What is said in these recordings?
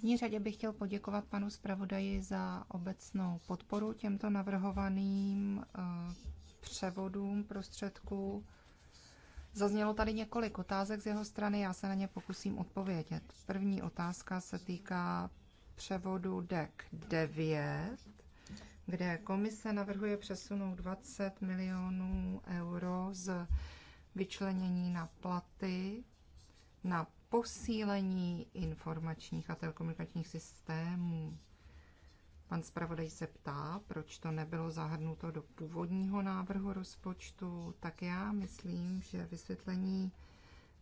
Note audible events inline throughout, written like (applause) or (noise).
první řadě bych chtěl poděkovat panu zpravodaji za obecnou podporu těmto navrhovaným eh, převodům prostředků. Zaznělo tady několik otázek z jeho strany, já se na ně pokusím odpovědět. První otázka se týká převodu DEC 9, kde komise navrhuje přesunout 20 milionů euro z vyčlenění na platy na posílení informačních a telekomunikačních systémů. Pan zpravodaj se ptá, proč to nebylo zahrnuto do původního návrhu rozpočtu, tak já myslím, že vysvětlení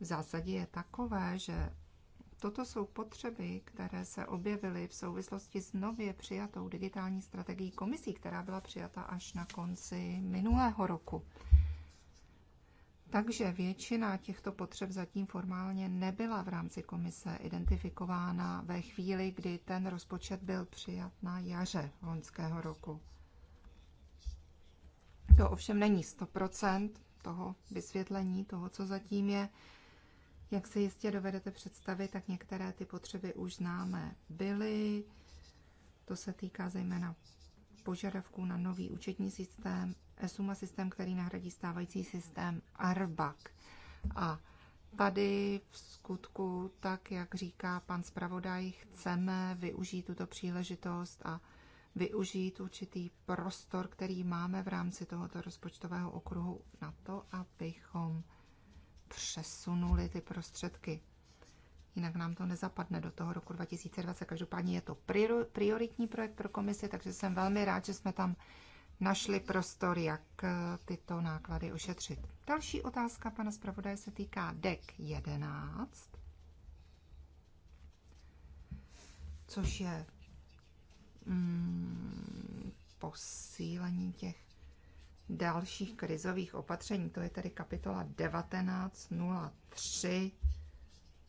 v zásadě je takové, že toto jsou potřeby, které se objevily v souvislosti s nově přijatou digitální strategií komisí, která byla přijata až na konci minulého roku. Takže většina těchto potřeb zatím formálně nebyla v rámci komise identifikována ve chvíli, kdy ten rozpočet byl přijat na jaře loňského roku. To ovšem není 100% toho vysvětlení, toho, co zatím je. Jak se jistě dovedete představit, tak některé ty potřeby už známe byly. To se týká zejména požadavků na nový účetní systém Suma systém, který nahradí stávající systém ARBAC. A tady v skutku, tak jak říká pan zpravodaj, chceme využít tuto příležitost a využít určitý prostor, který máme v rámci tohoto rozpočtového okruhu na to, abychom přesunuli ty prostředky jinak nám to nezapadne do toho roku 2020. Každopádně je to prioritní projekt pro komisi, takže jsem velmi rád, že jsme tam našli prostor, jak eh, tyto náklady ošetřit. Další otázka pana zpravodaje se týká e DEC 11, což je mm, posílení těch dalších krizových opatření. To je tedy kapitola 1903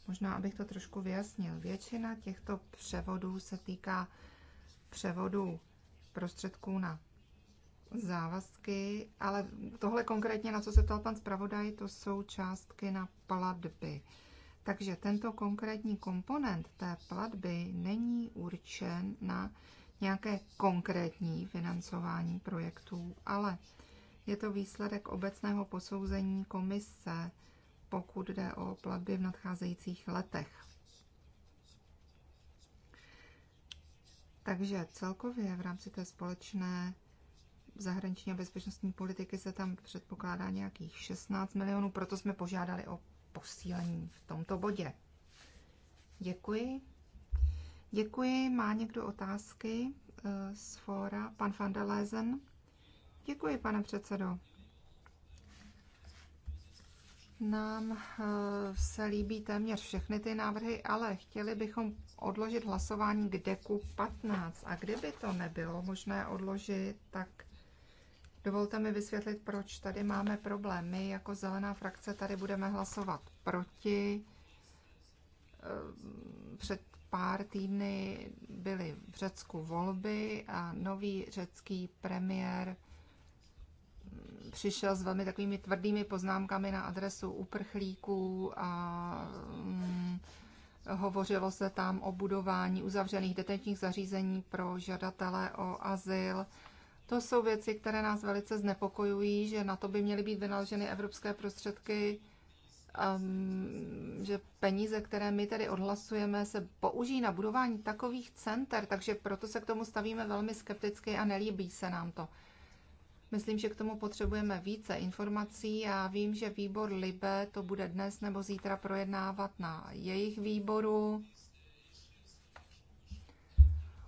Možná, abych to trošku vyjasnil. Většina těchto převodů se týká převodu prostředků na závazky, ale tohle konkrétně, na co se ptal pan zpravodaj, to jsou částky na platby. Takže tento konkrétní komponent té platby není určen na nějaké konkrétní financování projektů, ale je to výsledek obecného posouzení komise pokud jde o platby v nadcházejících letech. Takže celkově v rámci té společné zahraniční a bezpečnostní politiky se tam předpokládá nějakých 16 milionů, proto jsme požádali o posílení v tomto bodě. Děkuji. Děkuji. Má někdo otázky eh, z fóra? Pan van Děkuji, pane předsedo nám eh, se líbí téměř všechny ty návrhy, ale chtěli bychom odložit hlasování k deku 15. A kdyby to nebylo možné odložit, tak dovolte mi vysvětlit, proč tady máme problém. My jako zelená frakce tady budeme hlasovat proti. Eh, před pár týdny byly v Řecku volby a nový řecký premiér přišel s velmi takovými tvrdými poznámkami na adresu uprchlíků a mm, hovořilo se tam o budování uzavřených detenčních zařízení pro žadatele o azyl. To jsou věci, které nás velice znepokojují, že na to by měly být vynaloženy evropské prostředky, um, že peníze, které my tady odhlasujeme, se použijí na budování takových center, takže proto se k tomu stavíme velmi skepticky a nelíbí se nám to. Myslím, že k tomu potřebujeme více informací. Já vím, že výbor Libe to bude dnes nebo zítra projednávat na jejich výboru.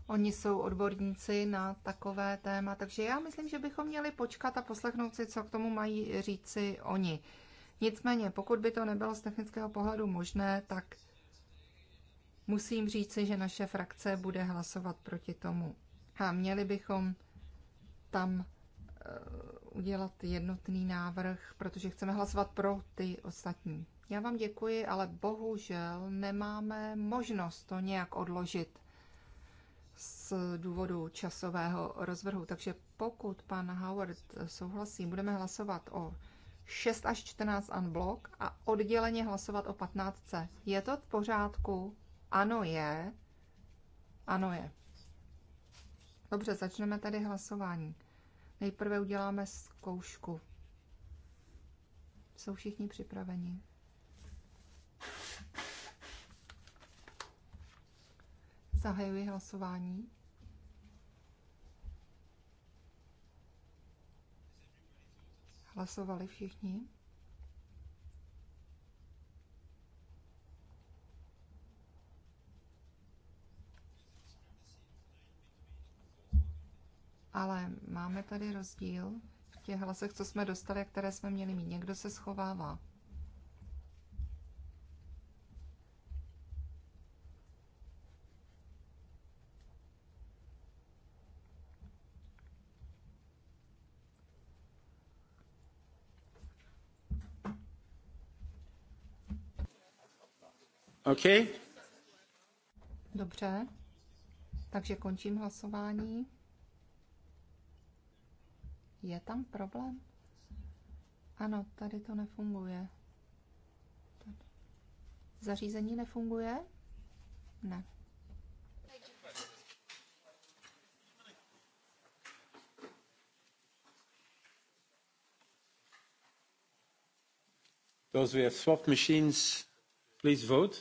Oni jsou odborníci na takové téma, takže já myslím, že bychom měli počkat a poslechnout si, co k tomu mají říci oni. Nicméně, pokud by to nebylo z technického pohledu možné, tak musím říci, že naše frakce bude hlasovat proti tomu. A měli bychom tam Eh, udělat jednotný návrh, protože chceme hlasovat pro ty ostatní. Já vám děkuji, ale bohužel nemáme možnost to nějak odložit z důvodu časového rozvrhu. Takže pokud pan Howard souhlasí, budeme hlasovat o 6 až 14 unblock a odděleně hlasovat o 15. Je to v pořádku? Ano je. Ano je. Dobře, začneme tady hlasování. Nejprve uděláme zkoušku. Jsou všichni připraveni? Zahajuji hlasování. Hlasovali všichni? Ale máme tady rozdíl v těch hlasech, co jsme dostali a které jsme měli mít. Někdo se schovává. OK. Dobře. Takže končím hlasování. Je tam problém? Ano, tady to nefunguje. Tady. Zařízení nefunguje? Ne. Those who have swapped machines, please vote.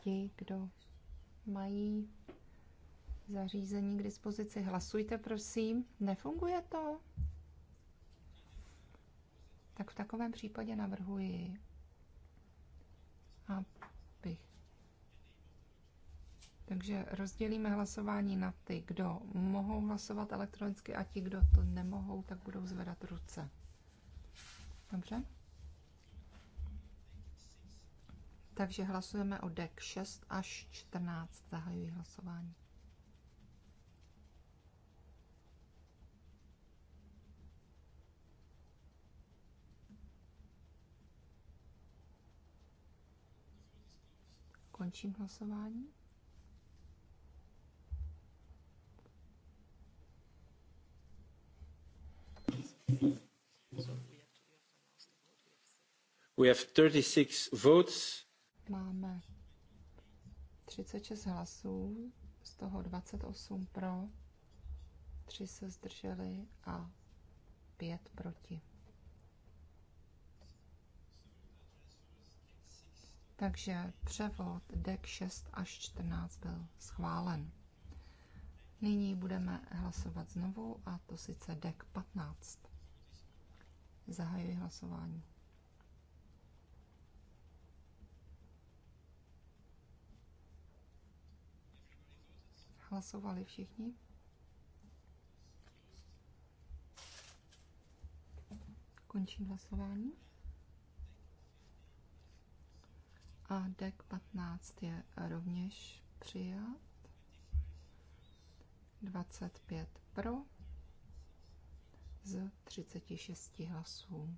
Ti, kdo mají zařízení k dispozici. Hlasujte, prosím. Nefunguje to? Tak v takovém případě navrhuji, abych. Takže rozdělíme hlasování na ty, kdo mohou hlasovat elektronicky a ti, kdo to nemohou, tak budou zvedat ruce. Dobře? Takže hlasujeme o dek 6 až 14. Zahajuji hlasování. Končím hlasování. We have 36 votes. Máme 36 hlasů, z toho 28 pro, 3 se zdrželi a 5 proti. takže převod DEC 6 až 14 byl schválen. Nyní budeme hlasovat znovu, a to sice DEC 15. Zahajuji hlasování. Hlasovali všichni? Končím hlasování. A deck 15 je rovněž přijat. 25 pro z 36 hlasů.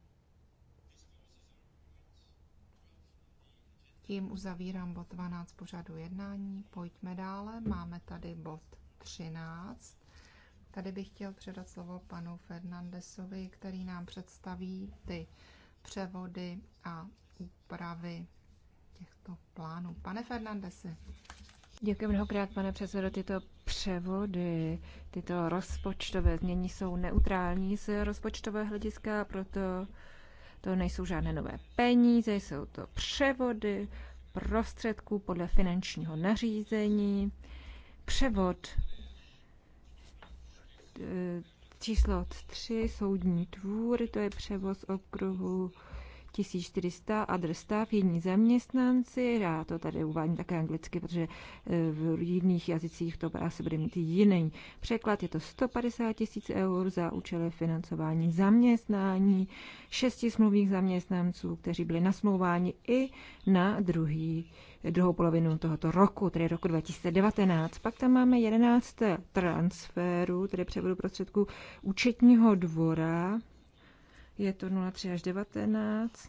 Tím uzavírám bod 12 pořadu jednání. Pojďme dále. Máme tady bod 13. Tady bych chtěl předat slovo panu Fernandesovi, který nám představí ty převody a úpravy těchto plánů. Pane Fernandese. Děkuji mnohokrát, pane předsedo. Tyto převody, tyto rozpočtové změny jsou neutrální z rozpočtového hlediska, proto to nejsou žádné nové peníze, jsou to převody prostředků podle finančního nařízení. Převod e, číslo 3, soudní dvůr, to je převoz okruhu 1400 adres staff, jiní zaměstnanci, já to tady uvádím také anglicky, protože e, v jiných jazycích to asi bude mít jiný překlad, je to 150 tisíc eur za účely financování zaměstnání, šesti smluvních zaměstnanců, kteří byli nasmlouváni i na druhý, druhou polovinu tohoto roku, tedy roku 2019. Pak tam máme 11 transferů, tedy převodu prostředků účetního dvora, je to 03 až 19.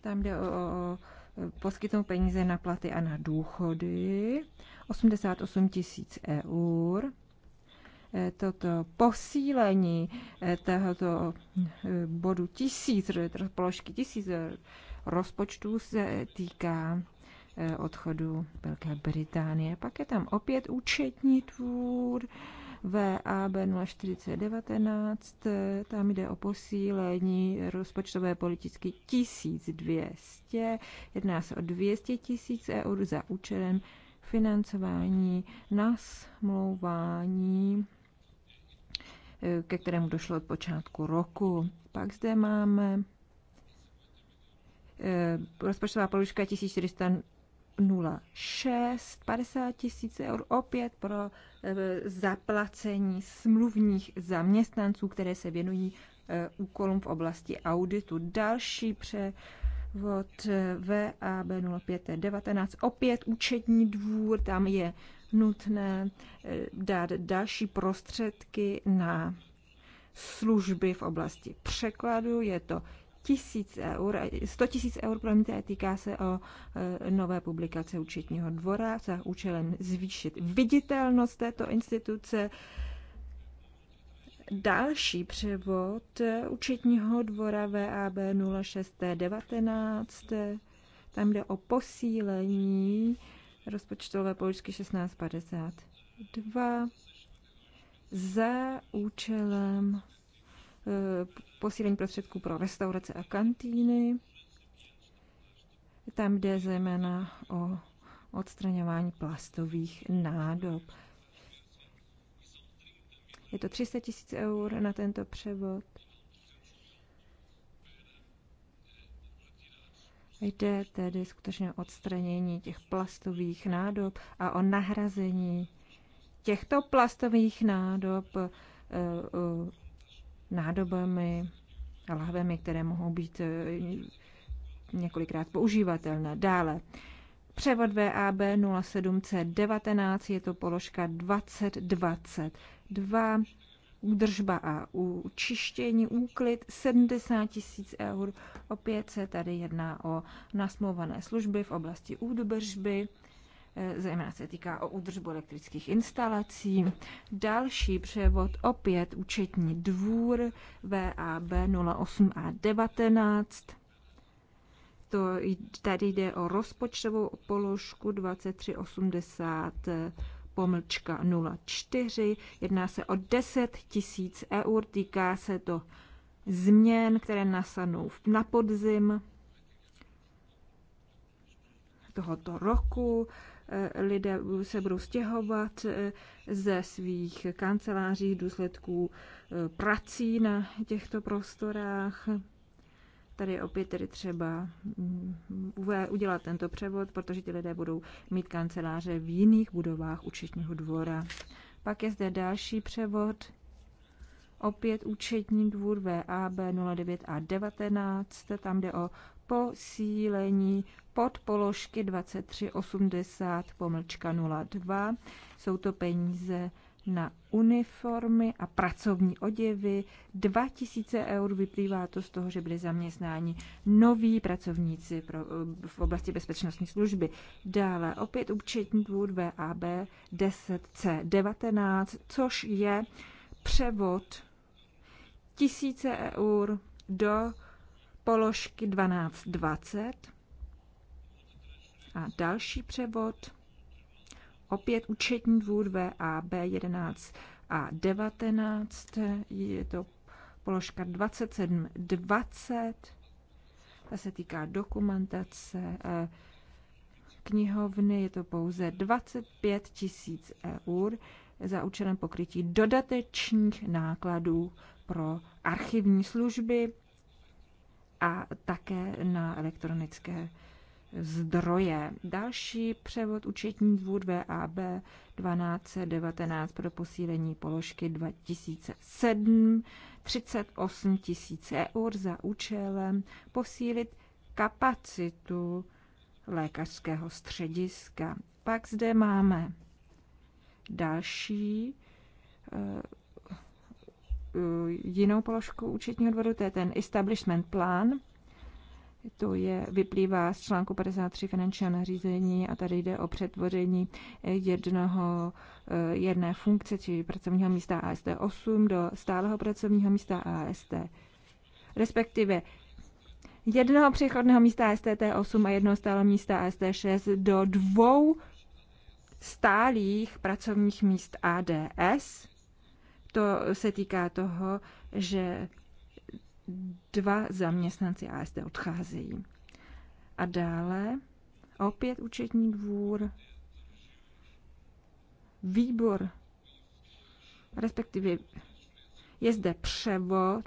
Tam jde o, o poskytnou peníze na platy a na důchody. 88 tisíc eur. E, toto posílení e, tohoto e, bodu tisíc, položky tisíc rozpočtů se týká odchodu Velké Británie. Pak je tam opět účetní tvůr. VAB 04019, tam jde o posílení rozpočtové politiky 1200, jedná se o 200 tisíc eur za účelem financování na smlouvání ke kterému došlo od počátku roku. Pak zde máme eh, rozpočtová položka 1400 06, 50 tisíc eur opět pro eh, zaplacení smluvních zaměstnanců, které se věnují eh, úkolům v oblasti auditu. Další převod eh, VAB 0519, opět účetní dvůr, tam je nutné dát další prostředky na služby v oblasti překladu. Je to tisíc eur, 100 tisíc eur, promiňte, týká se o e, nové publikace účetního dvora za účelem zvýšit viditelnost této instituce. Další převod účetního dvora VAB 0619, tam jde o posílení rozpočtové položky 1652 za účelem Eh, posílení prostředků pro restaurace a kantýny. Tam jde zejména o odstraňování plastových nádob. Je to 300 tisíc eur na tento převod. Jde tedy skutečně o odstranění těch plastových nádob a o nahrazení těchto plastových nádob eh, nádobami a lahvemi, které mohou být eh, několikrát používatelné. Dále, převod VAB 07C19 je to položka 2022 údržba a učištění, úklid 70 tisíc eur. Opět se tady jedná o nasmluvané služby v oblasti údržby Eh, zejména se týká o údržbu elektrických instalací. Další převod opět účetní dvůr VAB 08 a 19. To, tady jde o rozpočtovou položku 2380 eh, pomlčka 04. Jedná se o 10 tisíc eur, týká se to změn, které nasanou na podzim tohoto roku. Eh, lidé se budou stěhovat eh, ze svých kanceláří v důsledku eh, prací na těchto prostorách. Tady opět tedy třeba mm, udělat tento převod, protože ti lidé budou mít kanceláře v jiných budovách účetního dvora. Pak je zde další převod, opět účetní dvůr VAB 09 a 19, tam jde o posílení pod položky 2380 pomlčka 02. Jsou to peníze na uniformy a pracovní oděvy. 2000 eur vyplývá to z toho, že byly zaměstnáni noví pracovníci pro, v oblasti bezpečnostní služby. Dále opět účetní dvůr VAB 10C19, což je převod 1000 eur do položky 1220 a další převod opět účetní dvůr VAB 11 a 19, je to položka 2720, ta se týká dokumentace eh, knihovny, je to pouze 25 tisíc eur za účelem pokrytí dodatečných nákladů pro archivní služby a také na elektronické zdroje. Další převod účetní dvůr VAB 1219 pro posílení položky 2007 38 tisíc eur za účelem posílit kapacitu lékařského střediska. Pak zde máme další eh, Eh, jinou položku účetního dvoru, to je ten establishment plán. To je, vyplývá z článku 53 finančního nařízení a tady jde o přetvoření jednoho, eh, jedné funkce, či pracovního místa AST 8 do stáleho pracovního místa AST. Respektive jednoho přechodného místa ASTT 8 a jednoho stáleho místa AST 6 do dvou stálých pracovních míst ADS to se týká toho, že dva zaměstnanci ASD odcházejí. A dále opět účetní dvůr, výbor, respektive je zde převod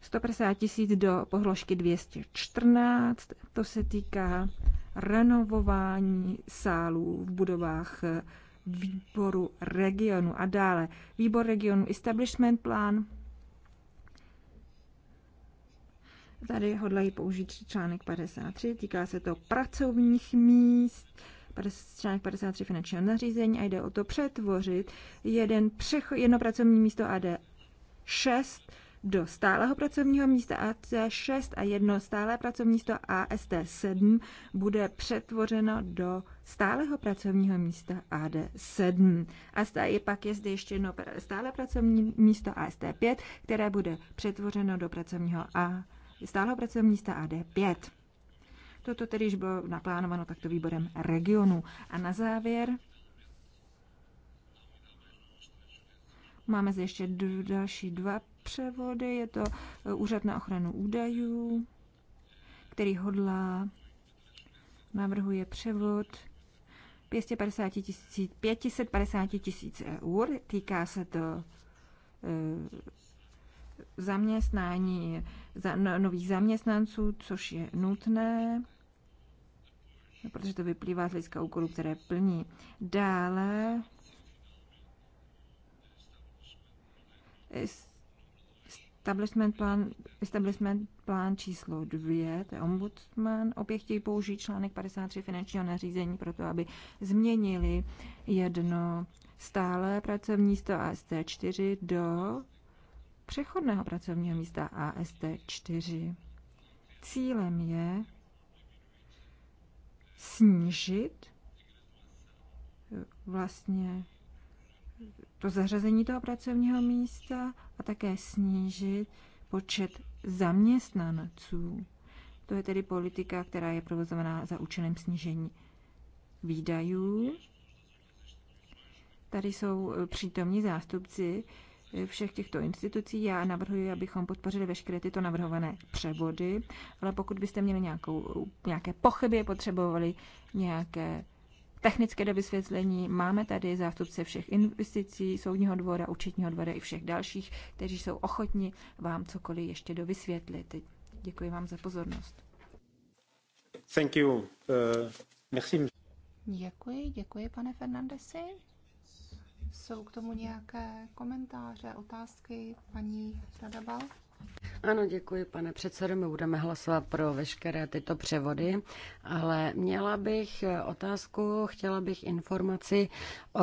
150 tisíc do pohložky 214, to se týká renovování sálů v budovách eh, výboru regionu a dále výbor regionu establishment plán. Tady hodlají použít článek 53, týká se to pracovních míst, článek 53 finančního nařízení a jde o to přetvořit jeden přecho, jedno pracovní místo AD 6 do stáleho pracovního místa ac 6 a jedno stálé pracovní místo AST7 bude přetvořeno do stáleho pracovního místa AD7. A stále pak je zde ještě jedno stále pracovní místo AST5, které bude přetvořeno do pracovního A, stáleho pracovního místa AD5. Toto tedy již bylo naplánováno takto výborem regionu. A na závěr Máme zde ještě další dva převody. Je to eh, Úřad na ochranu údajů, který hodlá, navrhuje převod 550 tisíc eur. Týká se to e, zaměstnání za, no, nových zaměstnanců, což je nutné, protože to vyplývá z lidského úkolu, které plní. Dále Establishment plán, establishment plán číslo 2, to je ombudsman, opět chtějí použít článek 53 finančního nařízení pro to, aby změnili jedno stále pracovní místo AST4 do přechodného pracovního místa AST4. Cílem je snížit eh, vlastně to zařazení toho pracovního místa a také snížit počet zaměstnanců. To je tedy politika, která je provozovaná za účelem snížení výdajů. Tady jsou eh, přítomní zástupci eh, všech těchto institucí. Já navrhuji, abychom podpořili veškeré tyto navrhované převody, ale pokud byste měli nějakou, nějaké pochyby, potřebovali nějaké technické do vysvětlení. Máme tady zástupce všech investicí, soudního dvora, účetního dvora i všech dalších, kteří jsou ochotni vám cokoliv ještě dovysvětlit. Děkuji vám za pozornost. Thank you. Uh, Děkuji, děkuji, pane Fernandesi. Jsou k tomu nějaké komentáře, otázky, paní Radabal? Ano, děkuji, pane předsedo. My budeme hlasovat pro veškeré tyto převody, ale měla bych otázku, chtěla bych informaci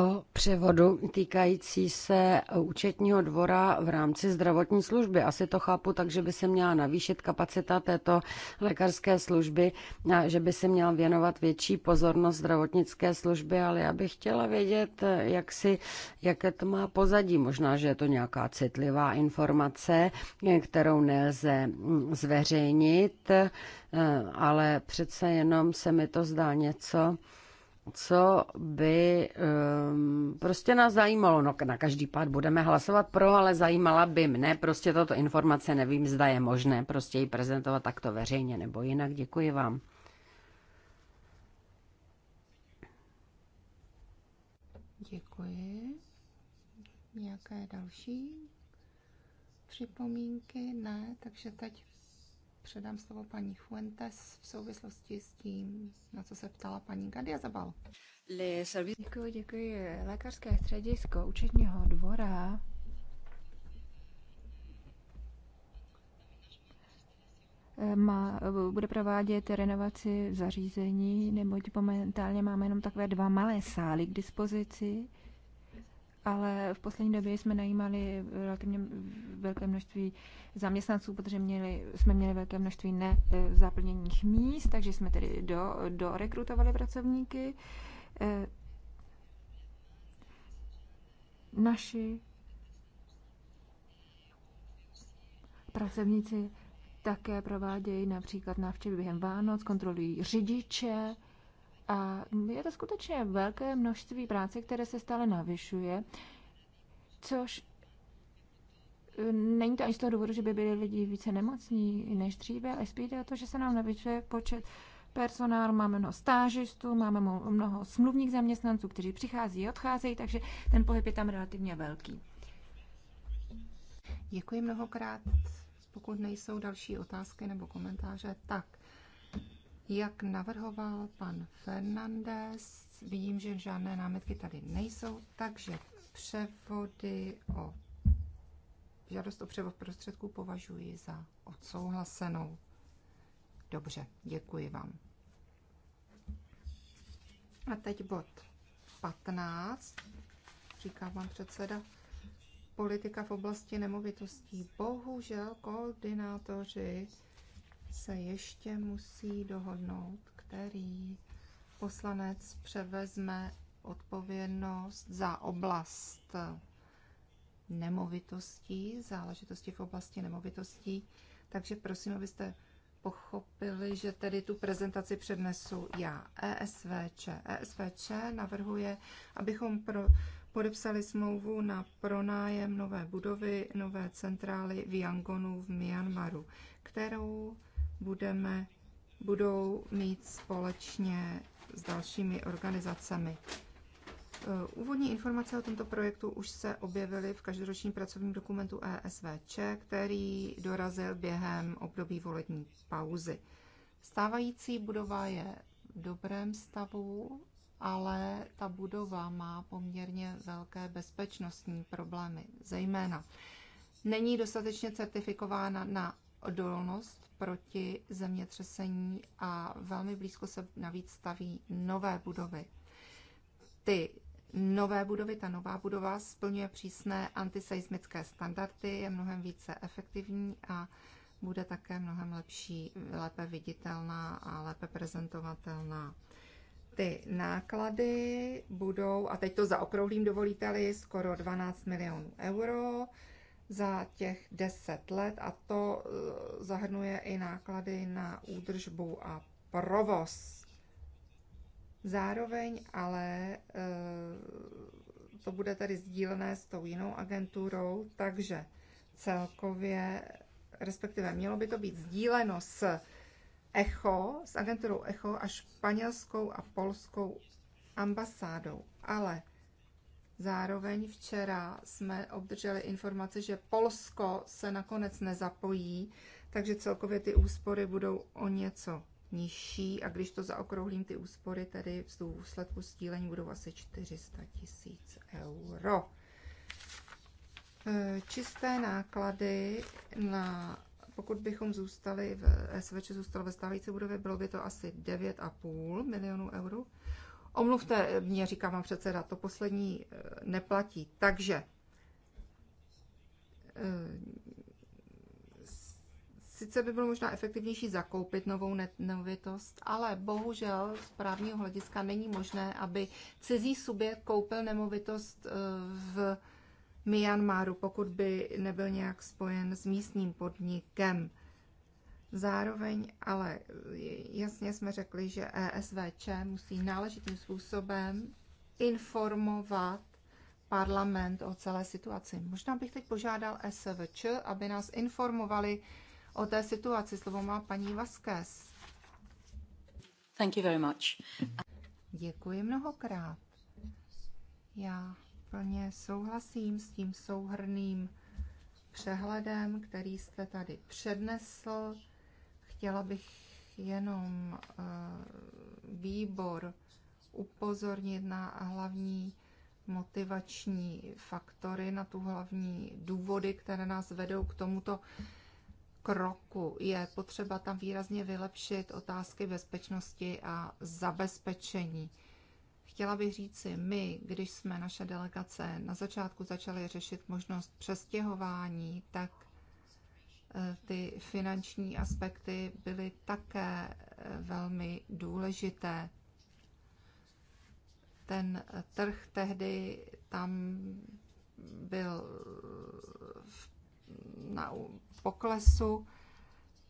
o převodu týkající se účetního dvora v rámci zdravotní služby. Asi to chápu tak, že by se měla navýšit kapacita této lékařské služby, a že by se měla věnovat větší pozornost zdravotnické služby, ale já bych chtěla vědět, jak si, jaké to má pozadí. Možná, že je to nějaká citlivá informace, kterou nelze zveřejnit, ale přece jenom se mi to zdá něco, co by um, prostě nás zajímalo. No, na každý pád budeme hlasovat pro, ale zajímala by mne. Prostě tato informace nevím, zda je možné prostě ji prezentovat takto veřejně nebo jinak. Děkuji vám. Děkuji. Nějaké další připomínky? Ne, takže teď předám slovo paní Fuentes v souvislosti s tím, na co se ptala paní Gadia Zabal. Děkuji, děkuji. Lékařské středisko účetního dvora má, bude provádět renovaci zařízení, neboť momentálně máme jenom takové dva malé sály k dispozici ale v poslední době jsme najímali relativně velké množství zaměstnanců, protože měli, jsme měli velké množství nezaplněných e, míst, takže jsme tedy do, do rekrutovali pracovníky. E, naši pracovníci také provádějí například návštěvy během Vánoc, kontrolují řidiče, a je to skutečně velké množství práce, které se stále navyšuje, což e, není to ani z toho důvodu, že by byli lidi více nemocní než dříve, ale spíš jde o to, že se nám navyšuje počet personál, máme mnoho stážistů, máme mnoho smluvních zaměstnanců, kteří přichází a odcházejí, takže ten pohyb je tam relativně velký. Děkuji mnohokrát. Pokud nejsou další otázky nebo komentáře, tak jak navrhoval pan Fernandez, vidím, že žádné námitky tady nejsou, takže převody o žádost o převod prostředků považuji za odsouhlasenou. Dobře, děkuji vám. A teď bod 15, říká pan předseda, politika v oblasti nemovitostí. Bohužel koordinátoři se ještě musí dohodnout, který poslanec převezme odpovědnost za oblast nemovitostí, záležitosti v oblasti nemovitostí. Takže prosím, abyste pochopili, že tedy tu prezentaci přednesu já, ESVČ. ESVČ navrhuje, abychom pro, podepsali smlouvu na pronájem nové budovy, nové centrály v Yangonu v Myanmaru, kterou budeme, budou mít společně s dalšími organizacemi. Eh, úvodní informace o tomto projektu už se objevily v každoročním pracovním dokumentu ESVČ, který dorazil během období volební pauzy. Stávající budova je v dobrém stavu, ale ta budova má poměrně velké bezpečnostní problémy, zejména není dostatečně certifikována na odolnost proti zemětřesení a velmi blízko se navíc staví nové budovy. Ty nové budovy, ta nová budova splňuje přísné antiseismické standardy, je mnohem více efektivní a bude také mnohem lepší, lépe viditelná a lépe prezentovatelná. Ty náklady budou, a teď to zaokrouhlím dovolíte skoro 12 milionů euro, za těch 10 let a to eh, zahrnuje i náklady na údržbu a provoz. Zároveň ale eh, to bude tady sdílené s tou jinou agenturou, takže celkově, respektive mělo by to být sdíleno s ECHO, s agenturou ECHO a španělskou a polskou ambasádou. Ale Zároveň včera jsme obdrželi informace, že Polsko se nakonec nezapojí, takže celkově ty úspory budou o něco nižší a když to zaokrouhlím ty úspory, tedy v důsledku stílení budou asi 400 tisíc euro. E, čisté náklady na pokud bychom zůstali v SVČ, zůstalo ve stávající budově, bylo by to asi 9,5 milionů euro. Omluvte mě, říká vám předseda, to poslední eh, neplatí. Takže eh, sice by bylo možná efektivnější zakoupit novou nemovitost, ale bohužel z právního hlediska není možné, aby cizí subjekt koupil nemovitost eh, v Myanmaru, pokud by nebyl nějak spojen s místním podnikem. Zároveň ale e, jasně jsme řekli, že ESVČ musí náležitým způsobem informovat parlament o celé situaci. Možná bych teď požádal ESVČ, aby nás informovali o té situaci. Slovo má paní Vaskes. Thank you very much. Děkuji mnohokrát. Já plně souhlasím s tím souhrným přehledem, který jste tady přednesl. Chtěla bych jenom eh, výbor upozornit na hlavní motivační faktory, na tu hlavní důvody, které nás vedou k tomuto kroku. Je potřeba tam výrazně vylepšit otázky bezpečnosti a zabezpečení. Chtěla bych říci, my, když jsme naše delegace na začátku začali řešit možnost přestěhování, tak Eh, ty finanční aspekty byly také eh, velmi důležité. Ten eh, trh tehdy tam byl na poklesu.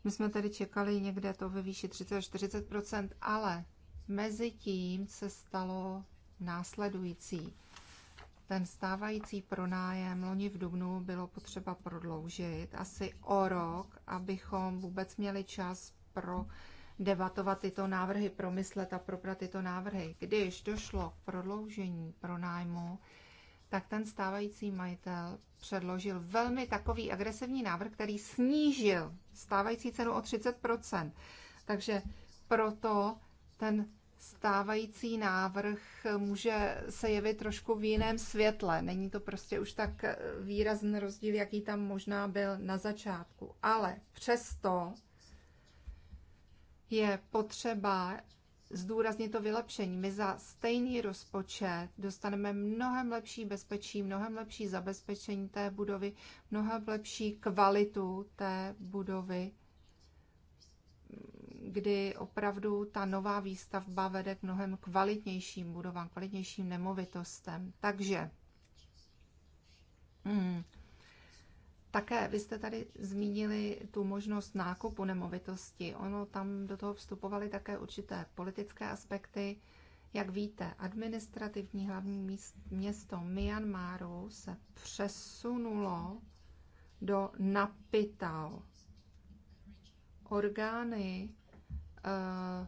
My jsme tedy čekali někde to ve výši 30-40%, ale mezi tím se stalo následující. Ten stávající pronájem loni v Dubnu bylo potřeba prodloužit asi o rok, abychom vůbec měli čas pro debatovat tyto návrhy, promyslet a probrat tyto návrhy. Když došlo k prodloužení pronájmu, tak ten stávající majitel předložil velmi takový agresivní návrh, který snížil stávající cenu o 30 Takže proto ten stávající návrh může se jevit trošku v jiném světle. Není to prostě už tak výrazný rozdíl, jaký tam možná byl na začátku. Ale přesto je potřeba zdůraznit to vylepšení. My za stejný rozpočet dostaneme mnohem lepší bezpečí, mnohem lepší zabezpečení té budovy, mnohem lepší kvalitu té budovy kdy opravdu ta nová výstavba vede k mnohem kvalitnějším budovám, kvalitnějším nemovitostem. Takže hmm, také vy jste tady zmínili tu možnost nákupu nemovitosti. Ono tam do toho vstupovaly také určité politické aspekty. Jak víte, administrativní hlavní město Myanmaru se přesunulo do Napital. Orgány Eh,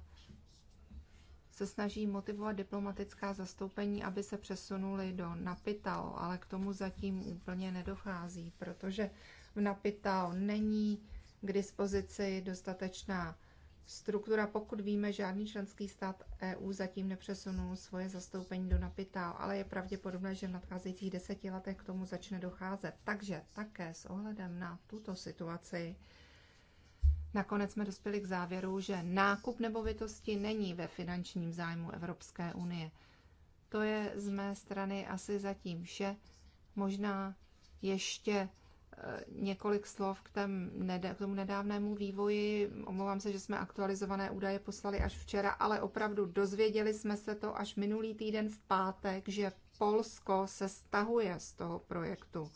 se snaží motivovat diplomatická zastoupení, aby se přesunuli do Napitao, ale k tomu zatím úplně nedochází, protože v Napitao není k dispozici dostatečná struktura. Pokud víme, žádný členský stát EU zatím nepřesunul svoje zastoupení do Napitao, ale je pravděpodobné, že v nadcházejících deseti letech k tomu začne docházet. Takže také s ohledem na tuto situaci Nakonec jsme dospěli k závěru, že nákup nemovitosti není ve finančním zájmu Evropské unie. To je z mé strany asi zatím vše. Možná ještě eh, několik slov k, tém, k tomu nedávnému vývoji. Omlouvám se, že jsme aktualizované údaje poslali až včera, ale opravdu dozvěděli jsme se to až minulý týden v pátek, že Polsko se stahuje z toho projektu.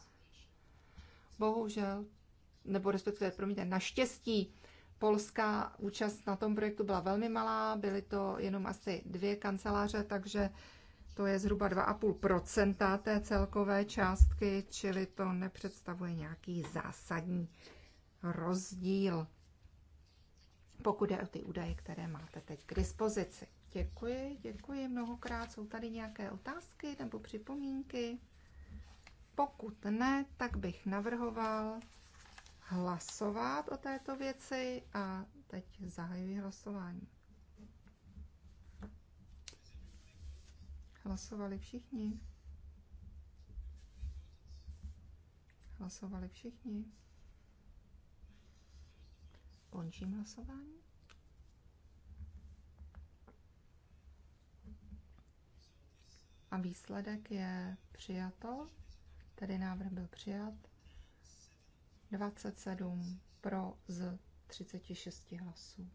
Bohužel, nebo respektive, promiňte, naštěstí polská účast na tom projektu byla velmi malá, byly to jenom asi dvě kanceláře, takže to je zhruba 2,5 té celkové částky, čili to nepředstavuje nějaký zásadní rozdíl, pokud je o ty údaje, které máte teď k dispozici. Děkuji, děkuji mnohokrát. Jsou tady nějaké otázky nebo připomínky? Pokud ne, tak bych navrhoval, hlasovat o této věci a teď zahajuji hlasování. Hlasovali všichni? Hlasovali všichni? Končím hlasování. A výsledek je přijato, tedy návrh byl přijat 27 pro z 36 hlasů.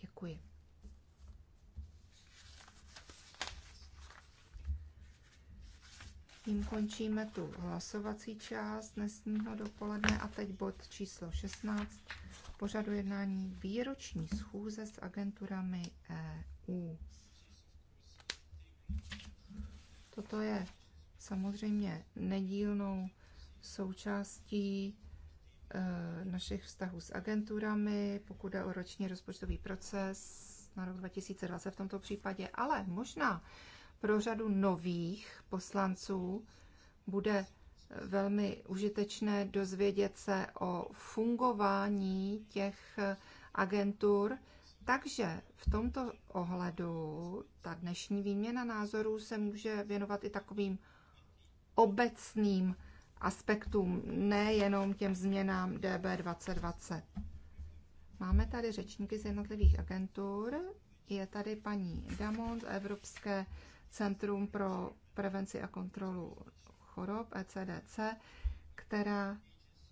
Děkuji. Tím končíme tu hlasovací část dnesního dopoledne a teď bod číslo 16. Pořadu jednání výroční schůze s agenturami EU. Toto je samozřejmě nedílnou součástí eh, našich vztahů s agenturami, pokud jde o roční rozpočtový proces na rok 2020 v tomto případě, ale možná pro řadu nových poslanců bude velmi užitečné dozvědět se o fungování těch agentur. Takže v tomto ohledu ta dnešní výměna názorů se může věnovat i takovým obecným aspektům, nejenom těm změnám DB 2020. Máme tady řečníky z jednotlivých agentur. Je tady paní Damond, Evropské centrum pro prevenci a kontrolu chorob, ECDC, která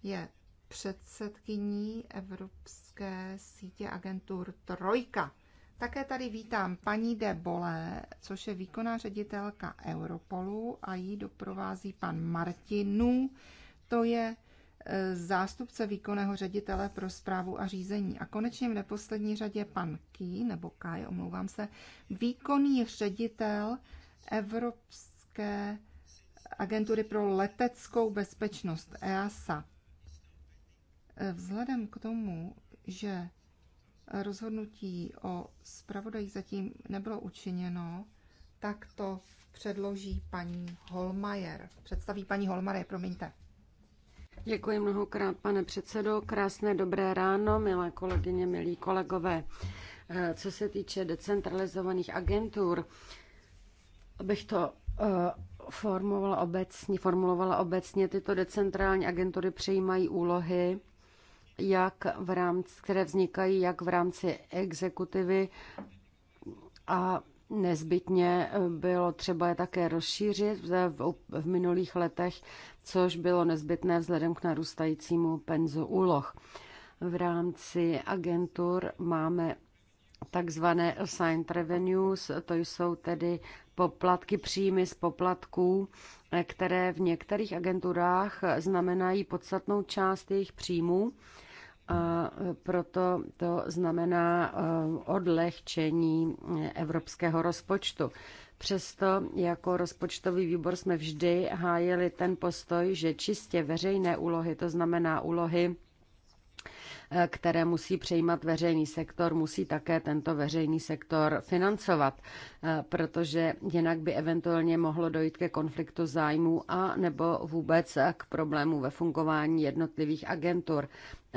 je předsedkyní Evropské sítě agentur Trojka. Také tady vítám paní de Bolé, což je výkonná ředitelka Europolu a jí doprovází pan Martinu, to je e, zástupce výkonného ředitele pro zprávu a řízení. A konečně v neposlední řadě pan Ký, nebo Kaj, omlouvám se, výkonný ředitel Evropské agentury pro leteckou bezpečnost EASA. E, vzhledem k tomu, že rozhodnutí o zpravodaji zatím nebylo učiněno, tak to předloží paní Holmajer. Představí paní Holmajer, promiňte. Děkuji mnohokrát, pane předsedo. Krásné dobré ráno, milé kolegyně, milí kolegové. Eh, co se týče decentralizovaných agentur, abych to eh, obecně, formulovala obecně, tyto decentrální agentury přejímají úlohy, jak v rámci, které vznikají jak v rámci exekutivy a nezbytně bylo třeba je také rozšířit v, v minulých letech, což bylo nezbytné vzhledem k narůstajícímu penzu úloh. V rámci agentur máme takzvané assigned revenues, to jsou tedy poplatky, příjmy z poplatků, které v některých agenturách znamenají podstatnou část jejich příjmů a proto to znamená eh, odlehčení evropského rozpočtu. Přesto jako rozpočtový výbor jsme vždy hájili ten postoj, že čistě veřejné úlohy, to znamená úlohy které musí přejímat veřejný sektor, musí také tento veřejný sektor financovat, eh, protože jinak by eventuálně mohlo dojít ke konfliktu zájmů a nebo vůbec k problému ve fungování jednotlivých agentur.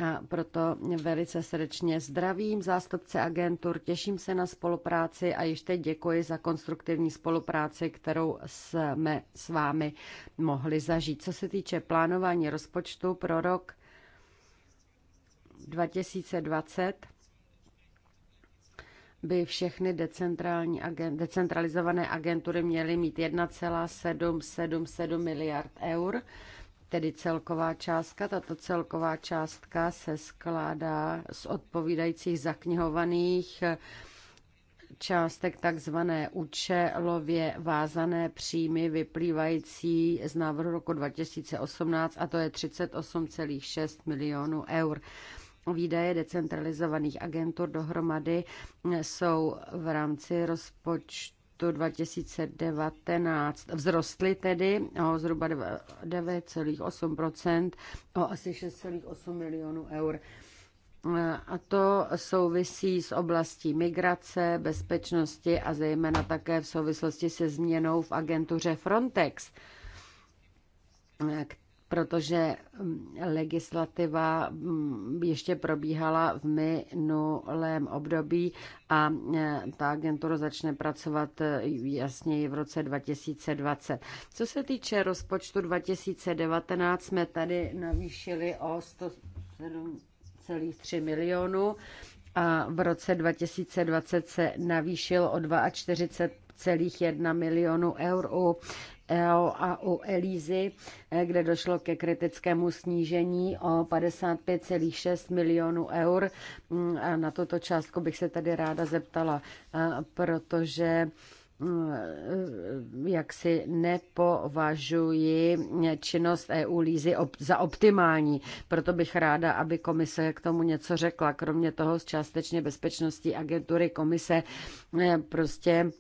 A proto velice srdečně zdravím zástupce agentur, těším se na spolupráci a ještě děkuji za konstruktivní spolupráci, kterou jsme s vámi mohli zažít. Co se týče plánování rozpočtu pro rok 2020 by všechny decentrální agent, decentralizované agentury měly mít 1,777 miliard eur, tedy celková částka. Tato celková částka se skládá z odpovídajících zaknihovaných částek takzvané účelově vázané příjmy vyplývající z návrhu roku 2018 a to je 38,6 milionů eur. Výdaje decentralizovaných agentur dohromady eh, jsou v rámci rozpočtu rozpočtu 2019 vzrostly tedy o zhruba 9,8 o asi 6,8 milionů eur. Eh, a to souvisí s oblastí migrace, bezpečnosti a zejména také v souvislosti se změnou v agentuře Frontex, eh, protože mm, legislativa mm, ještě probíhala v minulém období a e, ta agentura začne pracovat e, jasněji v roce 2020. Co se týče rozpočtu 2019, jsme tady navýšili o 107,3 milionů a v roce 2020 se navýšil o 42,1 milionu eur u EO a u Elízy, eh, kde došlo ke kritickému snížení o 55,6 milionů eur. Mm, a na tuto částku bych se tady ráda zeptala, eh, protože mm, eh, jak si nepovažuji činnost EU Lízy za optimální. Proto bych ráda, aby komise k tomu něco řekla. Kromě toho z částečně bezpečností agentury komise prostě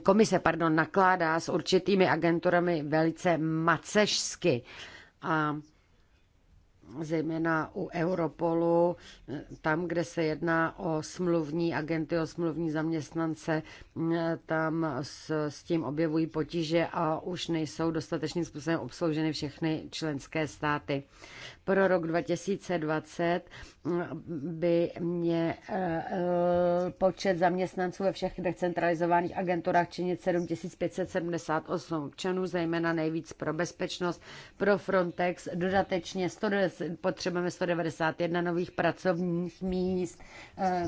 komise pardon, nakládá s určitými agenturami velice macežsky. A zejména u Europolu, tam, kde se jedná o smluvní agenty, o smluvní zaměstnance, tam s, s tím objevují potíže a už nejsou dostatečným způsobem obslouženy všechny členské státy pro rok 2020 mm, by mě eh, eh, počet zaměstnanců ve všech decentralizovaných agenturách činit 7578 občanů, zejména nejvíc pro bezpečnost, pro Frontex. Dodatečně 100, potřebujeme 191 nových pracovních míst,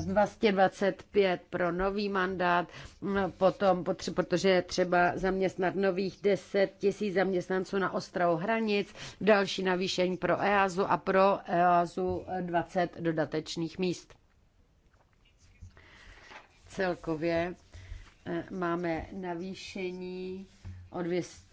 225 eh, pro nový mandát, mm, potom, protože je třeba zaměstnat nových 10 tisíc zaměstnanců na ostrahu hranic, další navýšení pro EA EASu a pro EASu 20 eh, dodatečných míst. Celkově eh, máme navýšení o 200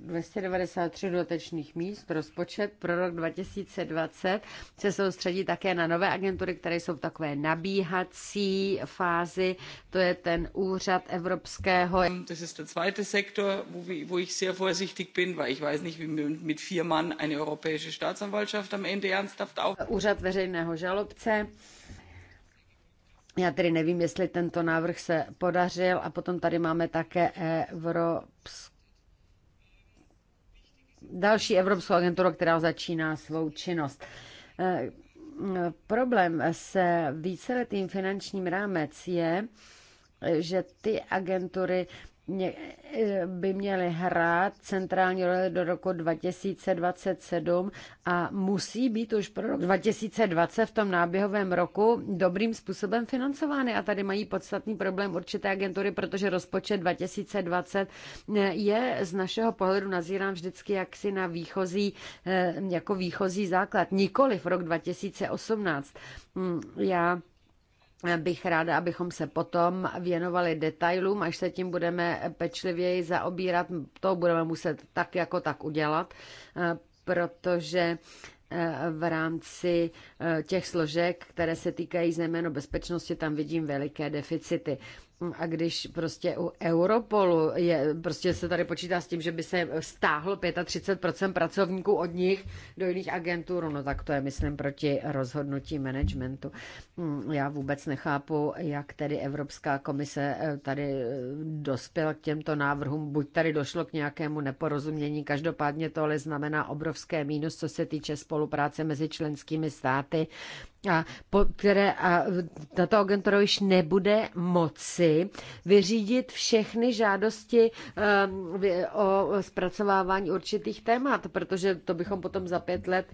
293 dotečných míst. Rozpočet pro rok 2020 se soustředí také na nové agentury, které jsou v takové nabíhací fázi. To je ten úřad evropského. To je ten zweite Sektor, wo, wo ich sehr vorsichtig bin, weil ich weiß nicht, wie mit vier Mann eine europäische Staatsanwaltschaft am Ende ernsthaft auf. Úřad veřejného žalobce. Já tedy nevím, jestli tento návrh se podařil. A potom tady máme také Evropskou další Evropskou agenturu, která začíná svou činnost. Eh, Problém se víceletým finančním rámec je, že ty agentury Eh, by měly hrát centrální roli do roku 2027 a musí být už pro rok 2020 v tom náběhovém roku dobrým způsobem financovány. A tady mají podstatný problém určité agentury, protože rozpočet 2020 eh, je z našeho pohledu nazírán vždycky jaksi na výchozí, eh, jako výchozí základ, nikoli v rok 2018. Mm, já bych ráda, abychom se potom věnovali detailům, až se tím budeme pečlivěji zaobírat. To budeme muset tak jako tak udělat, protože eh, v rámci eh, těch složek, které se týkají zejména bezpečnosti, tam vidím veliké deficity. A když prostě u Europolu je, prostě se tady počítá s tím, že by se stáhlo 35% pracovníků od nich do jiných agentur, no tak to je, myslím, proti rozhodnutí managementu. Hmm, já vůbec nechápu, jak tedy Evropská komise eh, tady eh, dospěla k těmto návrhům. Buď tady došlo k nějakému neporozumění, každopádně to ale znamená obrovské mínus, co se týče spolupráce mezi členskými státy a, po, které, a tato agentura již nebude moci vyřídit všechny žádosti um, o zpracovávání určitých témat, protože to bychom potom za pět let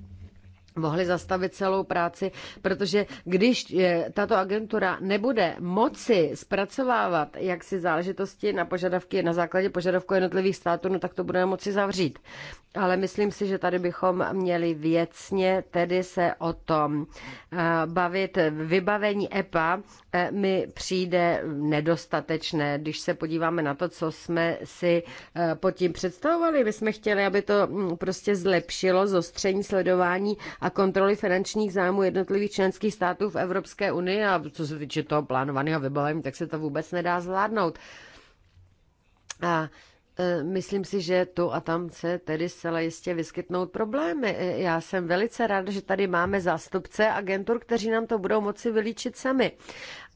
mohli zastavit celou práci, protože když eh, tato agentura nebude moci zpracovávat jaksi záležitosti na požadavky na základě požadavku jednotlivých států, no tak to budeme moci zavřít ale myslím si, že tady bychom měli věcně tedy se o tom eh, bavit. Vybavení EPA eh, mi přijde nedostatečné, když se podíváme na to, co jsme si eh, pod tím představovali. My jsme chtěli, aby to mm, prostě zlepšilo zostření sledování a kontroly finančních zájmů jednotlivých členských států v Evropské unii a co se týče toho plánovaného vybavení, tak se to vůbec nedá zvládnout. A E, myslím si, že tu a tam se tedy zcela jistě vyskytnou problémy. E, já jsem velice ráda, že tady máme zástupce agentur, kteří nám to budou moci vylíčit sami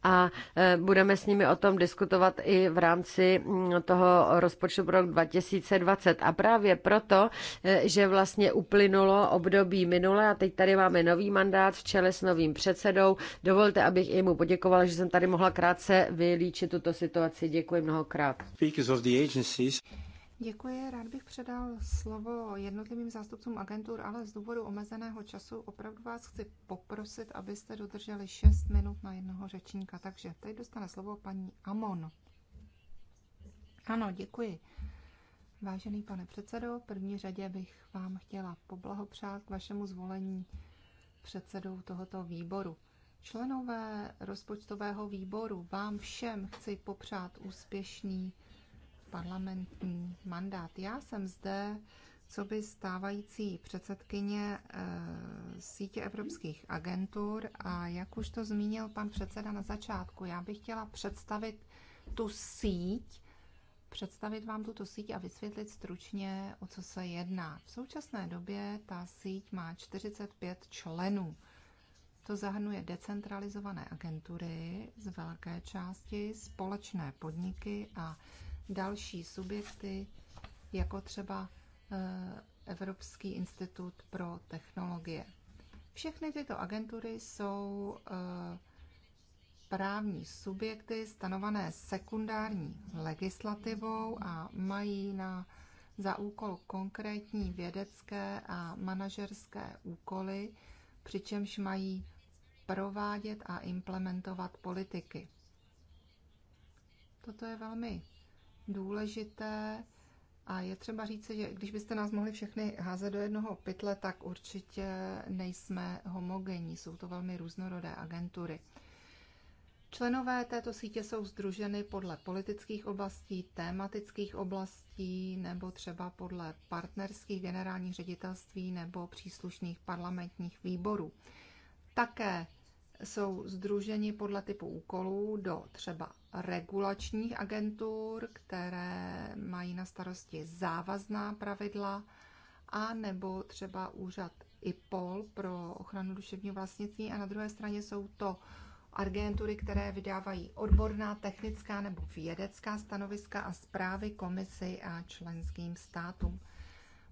a e, budeme s nimi o tom diskutovat i v rámci mm, toho rozpočtu pro rok 2020. A právě proto, e, že vlastně uplynulo období minule a teď tady máme nový mandát v čele s novým předsedou, dovolte, abych i mu poděkovala, že jsem tady mohla krátce vylíčit tuto situaci. Děkuji mnohokrát. Děkuji, rád bych předal slovo jednotlivým zástupcům agentur, ale z důvodu omezeného času opravdu vás chci poprosit, abyste dodrželi 6 minut na jednoho řečníka. Takže teď dostane slovo paní Amon. Ano, děkuji. Vážený pane předsedo, v první řadě bych vám chtěla poblahopřát k vašemu zvolení předsedou tohoto výboru. Členové rozpočtového výboru vám všem chci popřát úspěšný parlamentní mandát. Já jsem zde co by stávající předsedkyně eh, sítě evropských agentur a jak už to zmínil pan předseda na začátku, já bych chtěla představit tu síť, představit vám tuto síť a vysvětlit stručně, o co se jedná. V současné době ta síť má 45 členů. To zahrnuje decentralizované agentury z velké části, společné podniky a další subjekty, jako třeba eh, Evropský institut pro technologie. Všechny tyto agentury jsou eh, právní subjekty stanovené sekundární legislativou a mají na za úkol konkrétní vědecké a manažerské úkoly, přičemž mají provádět a implementovat politiky. Toto je velmi důležité a je třeba říct, že když byste nás mohli všechny házet do jednoho pytle, tak určitě nejsme homogenní, jsou to velmi různorodé agentury. Členové této sítě jsou združeny podle politických oblastí, tématických oblastí nebo třeba podle partnerských generálních ředitelství nebo příslušných parlamentních výborů. Také jsou združeni podle typu úkolů do třeba regulačních agentur, které mají na starosti závazná pravidla, a nebo třeba úřad IPOL pro ochranu duševního vlastnictví a na druhé straně jsou to agentury, které vydávají odborná, technická nebo vědecká stanoviska a zprávy komisi a členským státům.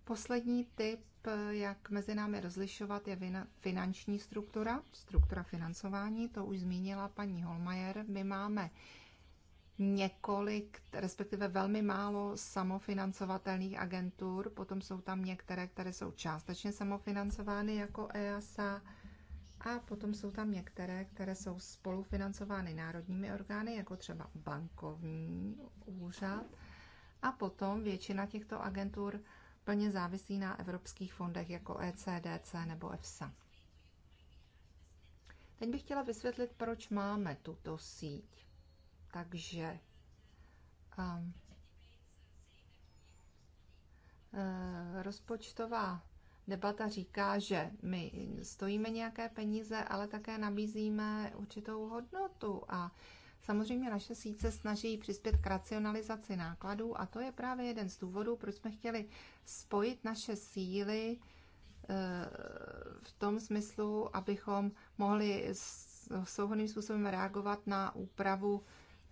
Poslední typ jak mezi námi rozlišovat, je finanční struktura, struktura financování, to už zmínila paní Holmajer. My máme několik, respektive velmi málo samofinancovatelných agentur, potom jsou tam některé, které jsou částečně samofinancovány jako EASA a potom jsou tam některé, které jsou spolufinancovány národními orgány, jako třeba bankovní úřad a potom většina těchto agentur plně závisí na evropských fondech jako ECDC nebo EFSA. Teď bych chtěla vysvětlit, proč máme tuto síť. Takže um, eh, rozpočtová debata říká, že my stojíme nějaké peníze, ale také nabízíme určitou hodnotu a uh, Samozřejmě naše síť se snaží přispět k racionalizaci nákladů a to je právě jeden z důvodů, proč jsme chtěli spojit naše síly eh, v tom smyslu, abychom mohli souhodným způsobem reagovat na úpravu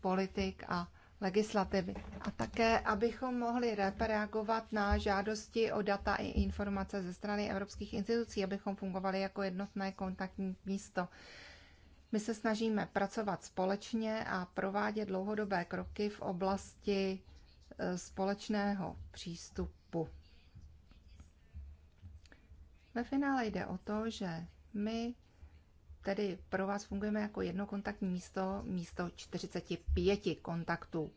politik a legislativy. A také, abychom mohli reagovat na žádosti o data i informace ze strany evropských institucí, abychom fungovali jako jednotné kontaktní místo. My se snažíme pracovat společně a provádět dlouhodobé kroky v oblasti e, společného přístupu. Ve finále jde o to, že my tedy pro vás fungujeme jako jedno kontaktní místo, místo 45 kontaktů.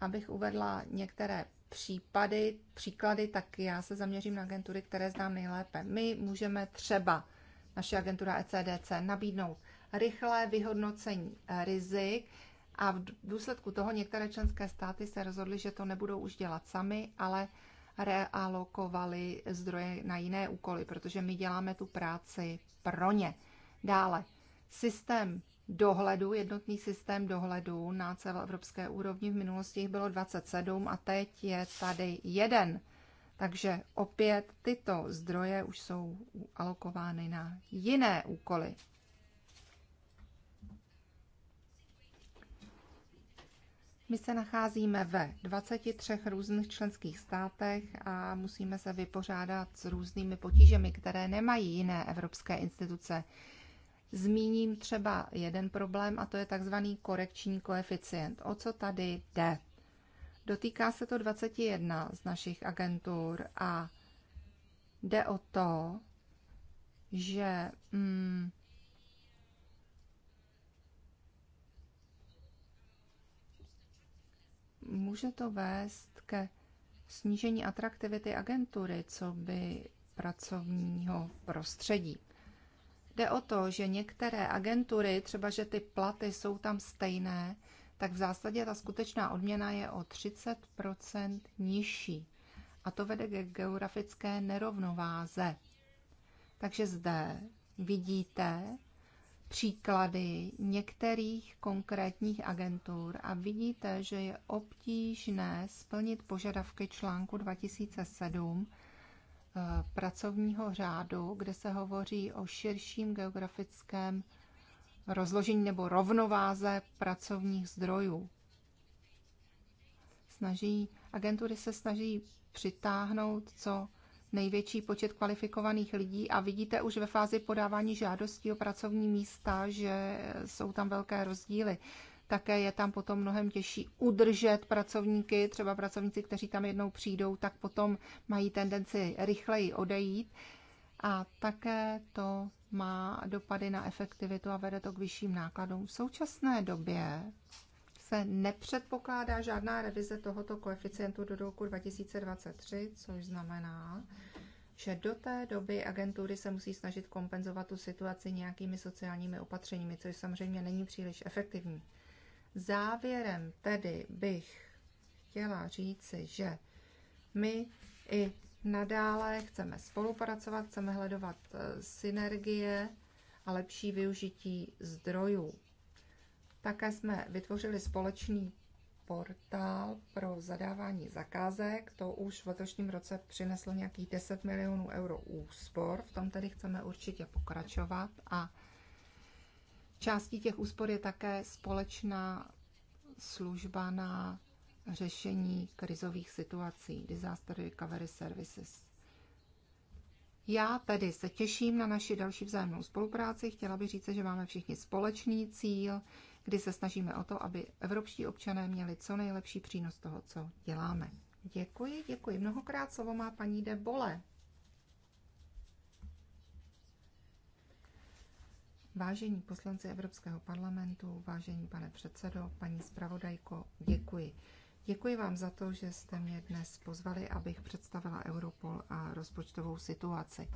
Abych uvedla některé případy, příklady, tak já se zaměřím na agentury, které znám nejlépe. My můžeme třeba naše agentura ECDC, nabídnout rychlé vyhodnocení eh, rizik a v důsledku toho některé členské státy se rozhodly, že to nebudou už dělat sami, ale realokovali zdroje na jiné úkoly, protože my děláme tu práci pro ně. Dále, systém dohledu, jednotný systém dohledu na celoevropské úrovni v minulosti jich bylo 27 a teď je tady jeden. Takže opět tyto zdroje už jsou alokovány na jiné úkoly. My se nacházíme ve 23 různých členských státech a musíme se vypořádat s různými potížemi, které nemají jiné evropské instituce. Zmíním třeba jeden problém a to je takzvaný korekční koeficient. O co tady jde? Dotýká se to 21 z našich agentur a jde o to, že mm, může to vést ke snížení atraktivity agentury, co by pracovního prostředí. Jde o to, že některé agentury, třeba že ty platy jsou tam stejné, tak v zásadě ta skutečná odměna je o 30 nižší. A to vede ke geografické nerovnováze. Takže zde vidíte příklady některých konkrétních agentur a vidíte, že je obtížné splnit požadavky článku 2007 eh, pracovního řádu, kde se hovoří o širším geografickém rozložení nebo rovnováze pracovních zdrojů. Snaží, agentury se snaží přitáhnout co největší počet kvalifikovaných lidí a vidíte už ve fázi podávání žádostí o pracovní místa, že jsou tam velké rozdíly. Také je tam potom mnohem těžší udržet pracovníky, třeba pracovníci, kteří tam jednou přijdou, tak potom mají tendenci rychleji odejít. A také to má dopady na efektivitu a vede to k vyšším nákladům. V současné době se nepředpokládá žádná revize tohoto koeficientu do roku 2023, což znamená, že do té doby agentury se musí snažit kompenzovat tu situaci nějakými sociálními opatřeními, což samozřejmě není příliš efektivní. Závěrem tedy bych chtěla říci, že my i Nadále chceme spolupracovat, chceme hledovat eh, synergie a lepší využití zdrojů. Také jsme vytvořili společný portál pro zadávání zakázek. To už v letošním roce přineslo nějakých 10 milionů euro úspor. V tom tedy chceme určitě pokračovat a částí těch úspor je také společná služba na řešení krizových situací, Disaster Recovery Services. Já tedy se těším na naši další vzájemnou spolupráci. Chtěla bych říct, že máme všichni společný cíl, kdy se snažíme o to, aby evropští občané měli co nejlepší přínos toho, co děláme. Děkuji, děkuji. Mnohokrát slovo má paní De Bole. Vážení poslanci Evropského parlamentu, vážení pane předsedo, paní zpravodajko, děkuji. Děkuji vám za to, že jste mě dnes pozvali, abych představila Europol a rozpočtovou situaci.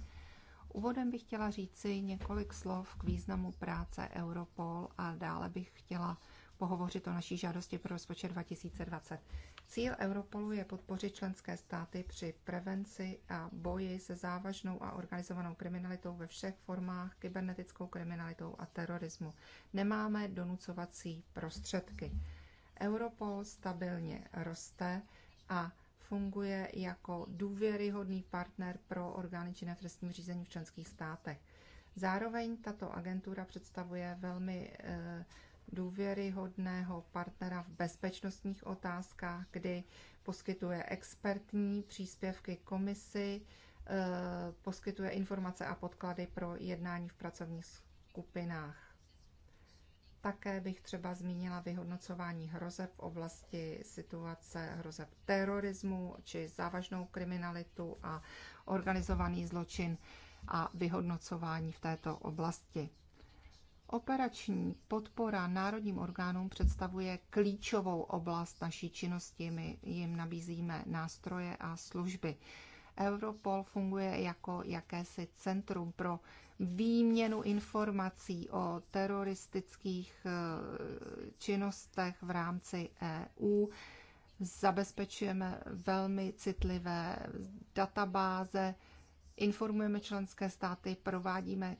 Úvodem bych chtěla říci několik slov k významu práce Europol a dále bych chtěla pohovořit o naší žádosti pro rozpočet 2020. Cíl Europolu je podpořit členské státy při prevenci a boji se závažnou a organizovanou kriminalitou ve všech formách, kybernetickou kriminalitou a terorismu. Nemáme donucovací prostředky. Europol stabilně roste a funguje jako důvěryhodný partner pro orgány činné v trestním řízení v členských státech. Zároveň tato agentura představuje velmi eh, důvěryhodného partnera v bezpečnostních otázkách, kdy poskytuje expertní příspěvky komisi, eh, poskytuje informace a podklady pro jednání v pracovních skupinách také bych třeba zmínila vyhodnocování hrozeb v oblasti situace hrozeb terorismu či závažnou kriminalitu a organizovaný zločin a vyhodnocování v této oblasti. Operační podpora národním orgánům představuje klíčovou oblast naší činnosti. My jim nabízíme nástroje a služby. Europol funguje jako jakési centrum pro výměnu informací o teroristických eh, činnostech v rámci EU. Zabezpečujeme velmi citlivé databáze, informujeme členské státy, provádíme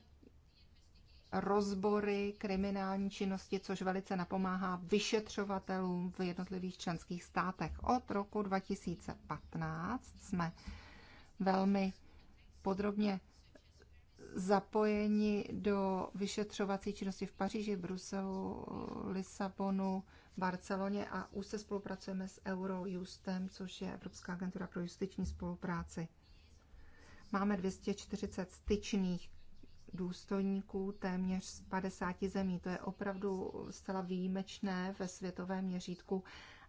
rozbory kriminální činnosti, což velice napomáhá vyšetřovatelům v jednotlivých členských státech. Od roku 2015 jsme velmi podrobně zapojeni do vyšetřovací činnosti v Paříži, Bruselu, Lisabonu, Barceloně a už se spolupracujeme s Eurojustem, což je Evropská agentura pro justiční spolupráci. Máme 240 styčných důstojníků téměř z 50 zemí. To je opravdu zcela výjimečné ve světovém měřítku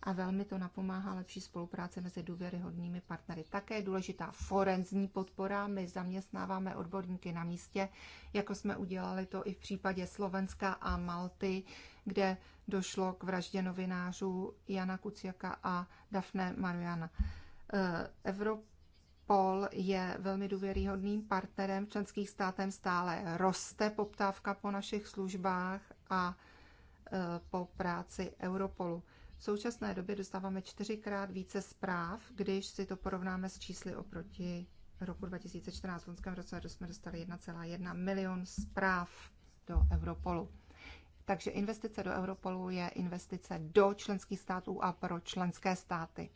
a velmi to napomáhá lepší spolupráce mezi důvěryhodnými partnery. Také je důležitá forenzní podpora. My zaměstnáváme odborníky na místě, jako jsme udělali to i v případě Slovenska a Malty, kde došlo k vraždě novinářů Jana Kuciaka a Dafne Mariana. Eh, Evropol je velmi důvěryhodným partnerem členských státem stále. Roste poptávka po našich službách a eh, po práci Europolu. V současné době dostáváme čtyřikrát více zpráv, když si to porovnáme s čísly oproti roku 2014. V loňském roce jsme dostali 1,1 milion zpráv do Europolu. Takže investice do Europolu je investice do členských států a pro členské státy.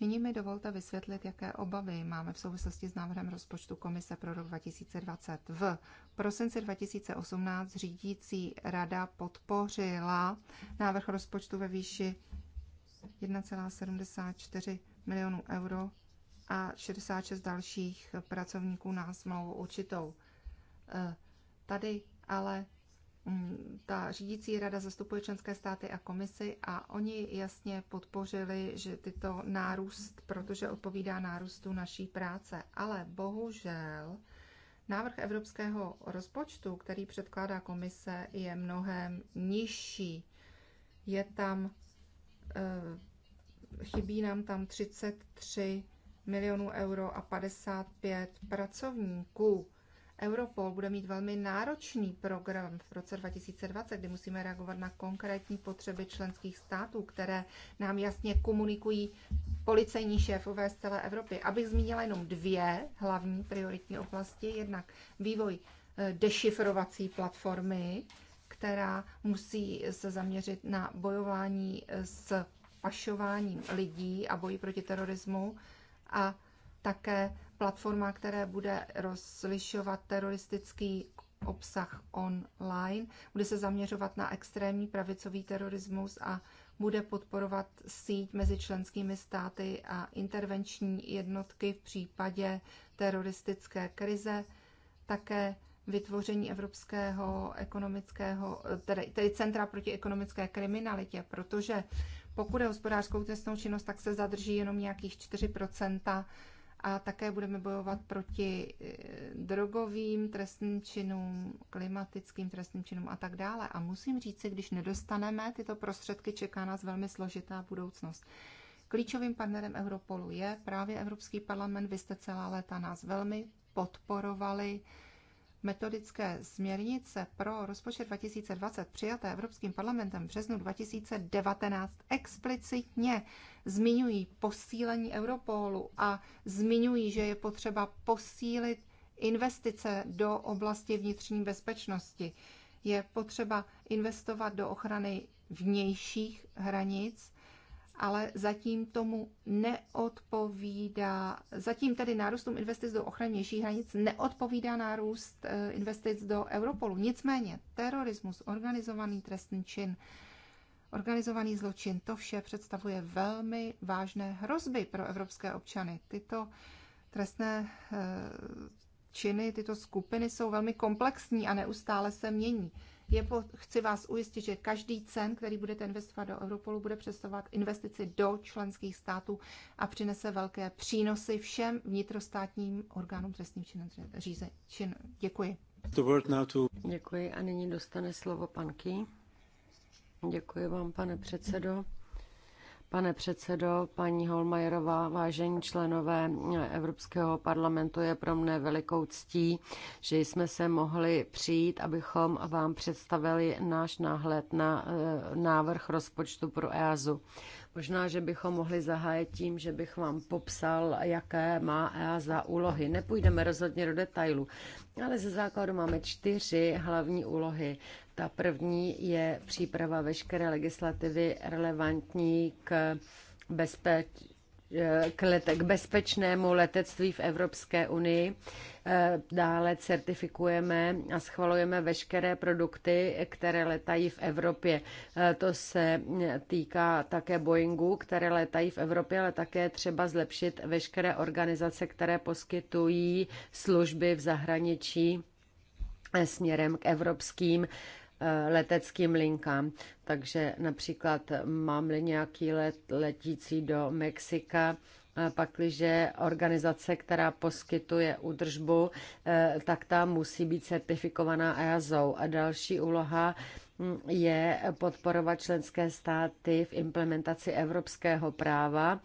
Nyní mi dovolte vysvětlit, jaké obavy máme v souvislosti s návrhem rozpočtu Komise pro rok 2020. V prosinci 2018 řídící rada podpořila návrh rozpočtu ve výši 1,74 milionů euro a 66 dalších pracovníků na smlouvu určitou. Eh, tady ale Mm, ta řídící rada zastupuje členské státy a komisy a oni jasně podpořili, že tyto nárůst, protože odpovídá nárůstu naší práce. Ale bohužel návrh evropského rozpočtu, který předkládá komise, je mnohem nižší. Je tam, eh, chybí nám tam 33 milionů euro a 55 pracovníků Europol bude mít velmi náročný program v roce 2020, kdy musíme reagovat na konkrétní potřeby členských států, které nám jasně komunikují policejní šéfové z celé Evropy. Abych zmínila jenom dvě hlavní prioritní oblasti, jednak vývoj eh, dešifrovací platformy, která musí se zaměřit na bojování eh, s pašováním lidí a boji proti terorismu a také platforma, která bude rozlišovat teroristický obsah online, bude se zaměřovat na extrémní pravicový terorismus a bude podporovat síť mezi členskými státy a intervenční jednotky v případě teroristické krize, také vytvoření Evropského ekonomického, tedy, tedy Centra proti ekonomické kriminalitě, protože pokud je hospodářskou trestnou činnost, tak se zadrží jenom nějakých 4 a také budeme bojovat proti eh, drogovým trestným činům, klimatickým trestným činům a tak dále. A musím říct si, když nedostaneme tyto prostředky, čeká nás velmi složitá budoucnost. Klíčovým partnerem Europolu je právě Evropský parlament. Vy jste celá léta nás velmi podporovali metodické směrnice pro rozpočet 2020 přijaté Evropským parlamentem v březnu 2019 explicitně zmiňují posílení Europolu a zmiňují, že je potřeba posílit investice do oblasti vnitřní bezpečnosti. Je potřeba investovat do ochrany vnějších hranic ale zatím tomu neodpovídá, zatím tedy nárůstům investic do ochranějších hranic neodpovídá nárůst eh, investic do Europolu. Nicméně terorismus, organizovaný trestný čin, organizovaný zločin, to vše představuje velmi vážné hrozby pro evropské občany. Tyto trestné eh, činy, tyto skupiny jsou velmi komplexní a neustále se mění. Je, chci vás ujistit, že každý cen, který budete investovat do Europolu, bude představovat investici do členských států a přinese velké přínosy všem vnitrostátním orgánům trestním činem řízení. Děkuji. Děkuji a nyní dostane slovo pan Ký. Děkuji vám, pane předsedo. Pane předsedo, paní Holmajerová, vážení členové Evropského parlamentu, je pro mne velikou ctí, že jsme se mohli přijít, abychom vám představili náš náhled na eh, návrh rozpočtu pro EASu. Možná, že bychom mohli zahájit tím, že bych vám popsal, jaké má EASA úlohy. Nepůjdeme rozhodně do detailu, ale ze základu máme čtyři hlavní úlohy. Ta první je příprava veškeré legislativy relevantní k bezpeč, E, k, lete, k bezpečnému letectví v Evropské unii. E, dále certifikujeme a schvalujeme veškeré produkty, které letají v Evropě. E, to se týká také Boeingu, které letají v Evropě, ale také třeba zlepšit veškeré organizace, které poskytují služby v zahraničí směrem k evropským Eh, leteckým linkám. Takže například mám-li nějaký let letící do Mexika, eh, pakliže organizace, která poskytuje údržbu, eh, tak ta musí být certifikovaná EASO. A další úloha mm, je podporovat členské státy v implementaci evropského práva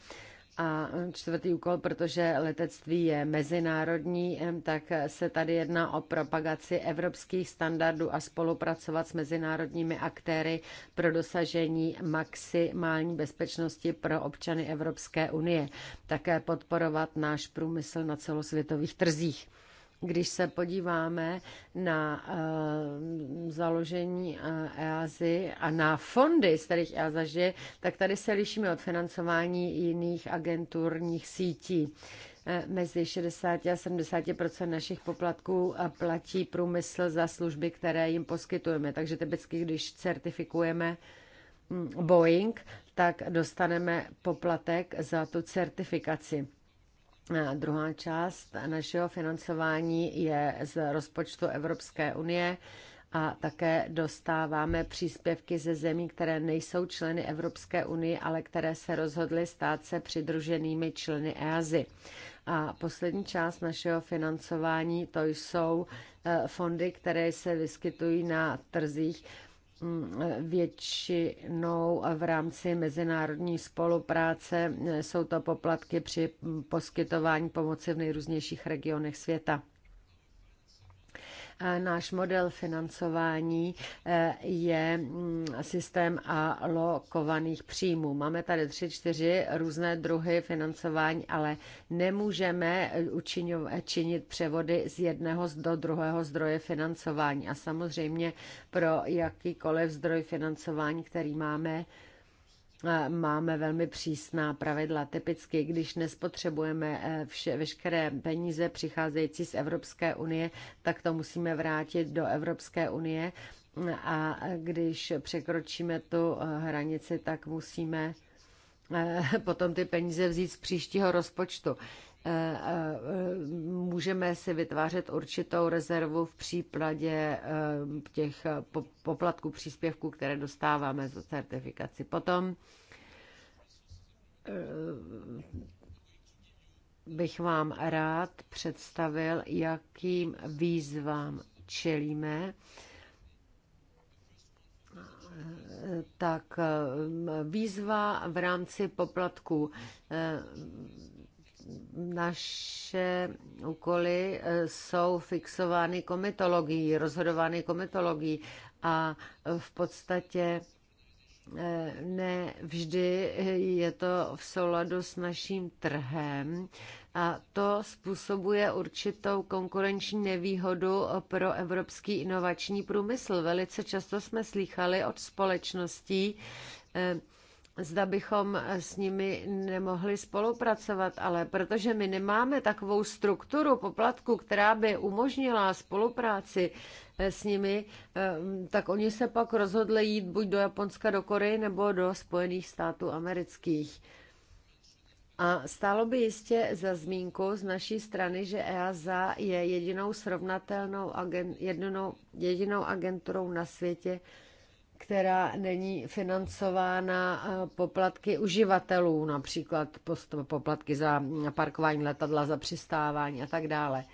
a čtvrtý úkol, protože letectví je mezinárodní, tak se tady jedná o propagaci evropských standardů a spolupracovat s mezinárodními aktéry pro dosažení maximální bezpečnosti pro občany Evropské unie. Také podporovat náš průmysl na celosvětových trzích. Když se podíváme na uh, založení uh, eh, EASY a na fondy, z kterých EASA žije, tak tady se lišíme od financování jiných agenturních sítí eh, mezi 60 a 70 našich poplatků platí průmysl za služby, které jim poskytujeme. Takže typicky, když certifikujeme hm, Boeing, tak dostaneme poplatek za tu certifikaci druhá část našeho financování je z rozpočtu Evropské unie a také dostáváme příspěvky ze zemí, které nejsou členy Evropské unie, ale které se rozhodly stát se přidruženými členy EASY. A poslední část našeho financování to jsou eh, fondy, které se vyskytují na trzích Mm, většinou v rámci mezinárodní spolupráce jsou to poplatky při poskytování pomoci v nejrůznějších regionech světa. Náš model financování eh, je mm, systém alokovaných příjmů. Máme tady tři, čtyři různé druhy financování, ale nemůžeme eh, eh, činit převody z jednoho do druhého zdroje financování. A samozřejmě pro jakýkoliv zdroj financování, který máme, máme velmi přísná pravidla. Typicky, když nespotřebujeme eh, vše, veškeré peníze přicházející z Evropské unie, tak to musíme vrátit do Evropské unie a když překročíme tu eh, hranici, tak musíme eh, (laughs) potom ty peníze vzít z příštího rozpočtu můžeme si vytvářet určitou rezervu v případě eh, těch eh, poplatků příspěvků, které dostáváme za certifikaci. Potom eh, bych vám rád představil, jakým výzvám čelíme tak výzva v rámci poplatků naše úkoly eh, jsou fixovány komitologií, rozhodovány komitologií a eh, v podstatě eh, ne vždy je to v souladu s naším trhem a to způsobuje určitou konkurenční nevýhodu pro evropský inovační průmysl. Velice často jsme slýchali od společností, zda bychom s nimi nemohli spolupracovat, ale protože my nemáme takovou strukturu poplatku, která by umožnila spolupráci eh, s nimi, eh, tak oni se pak rozhodli jít buď do Japonska, do Koreje nebo do Spojených států amerických. A stálo by jistě za zmínku z naší strany, že EASA je jedinou srovnatelnou agen, jedinou, jedinou agenturou na světě, která není financována eh, poplatky uživatelů, například poplatky za mm, parkování letadla, za přistávání a tak dále.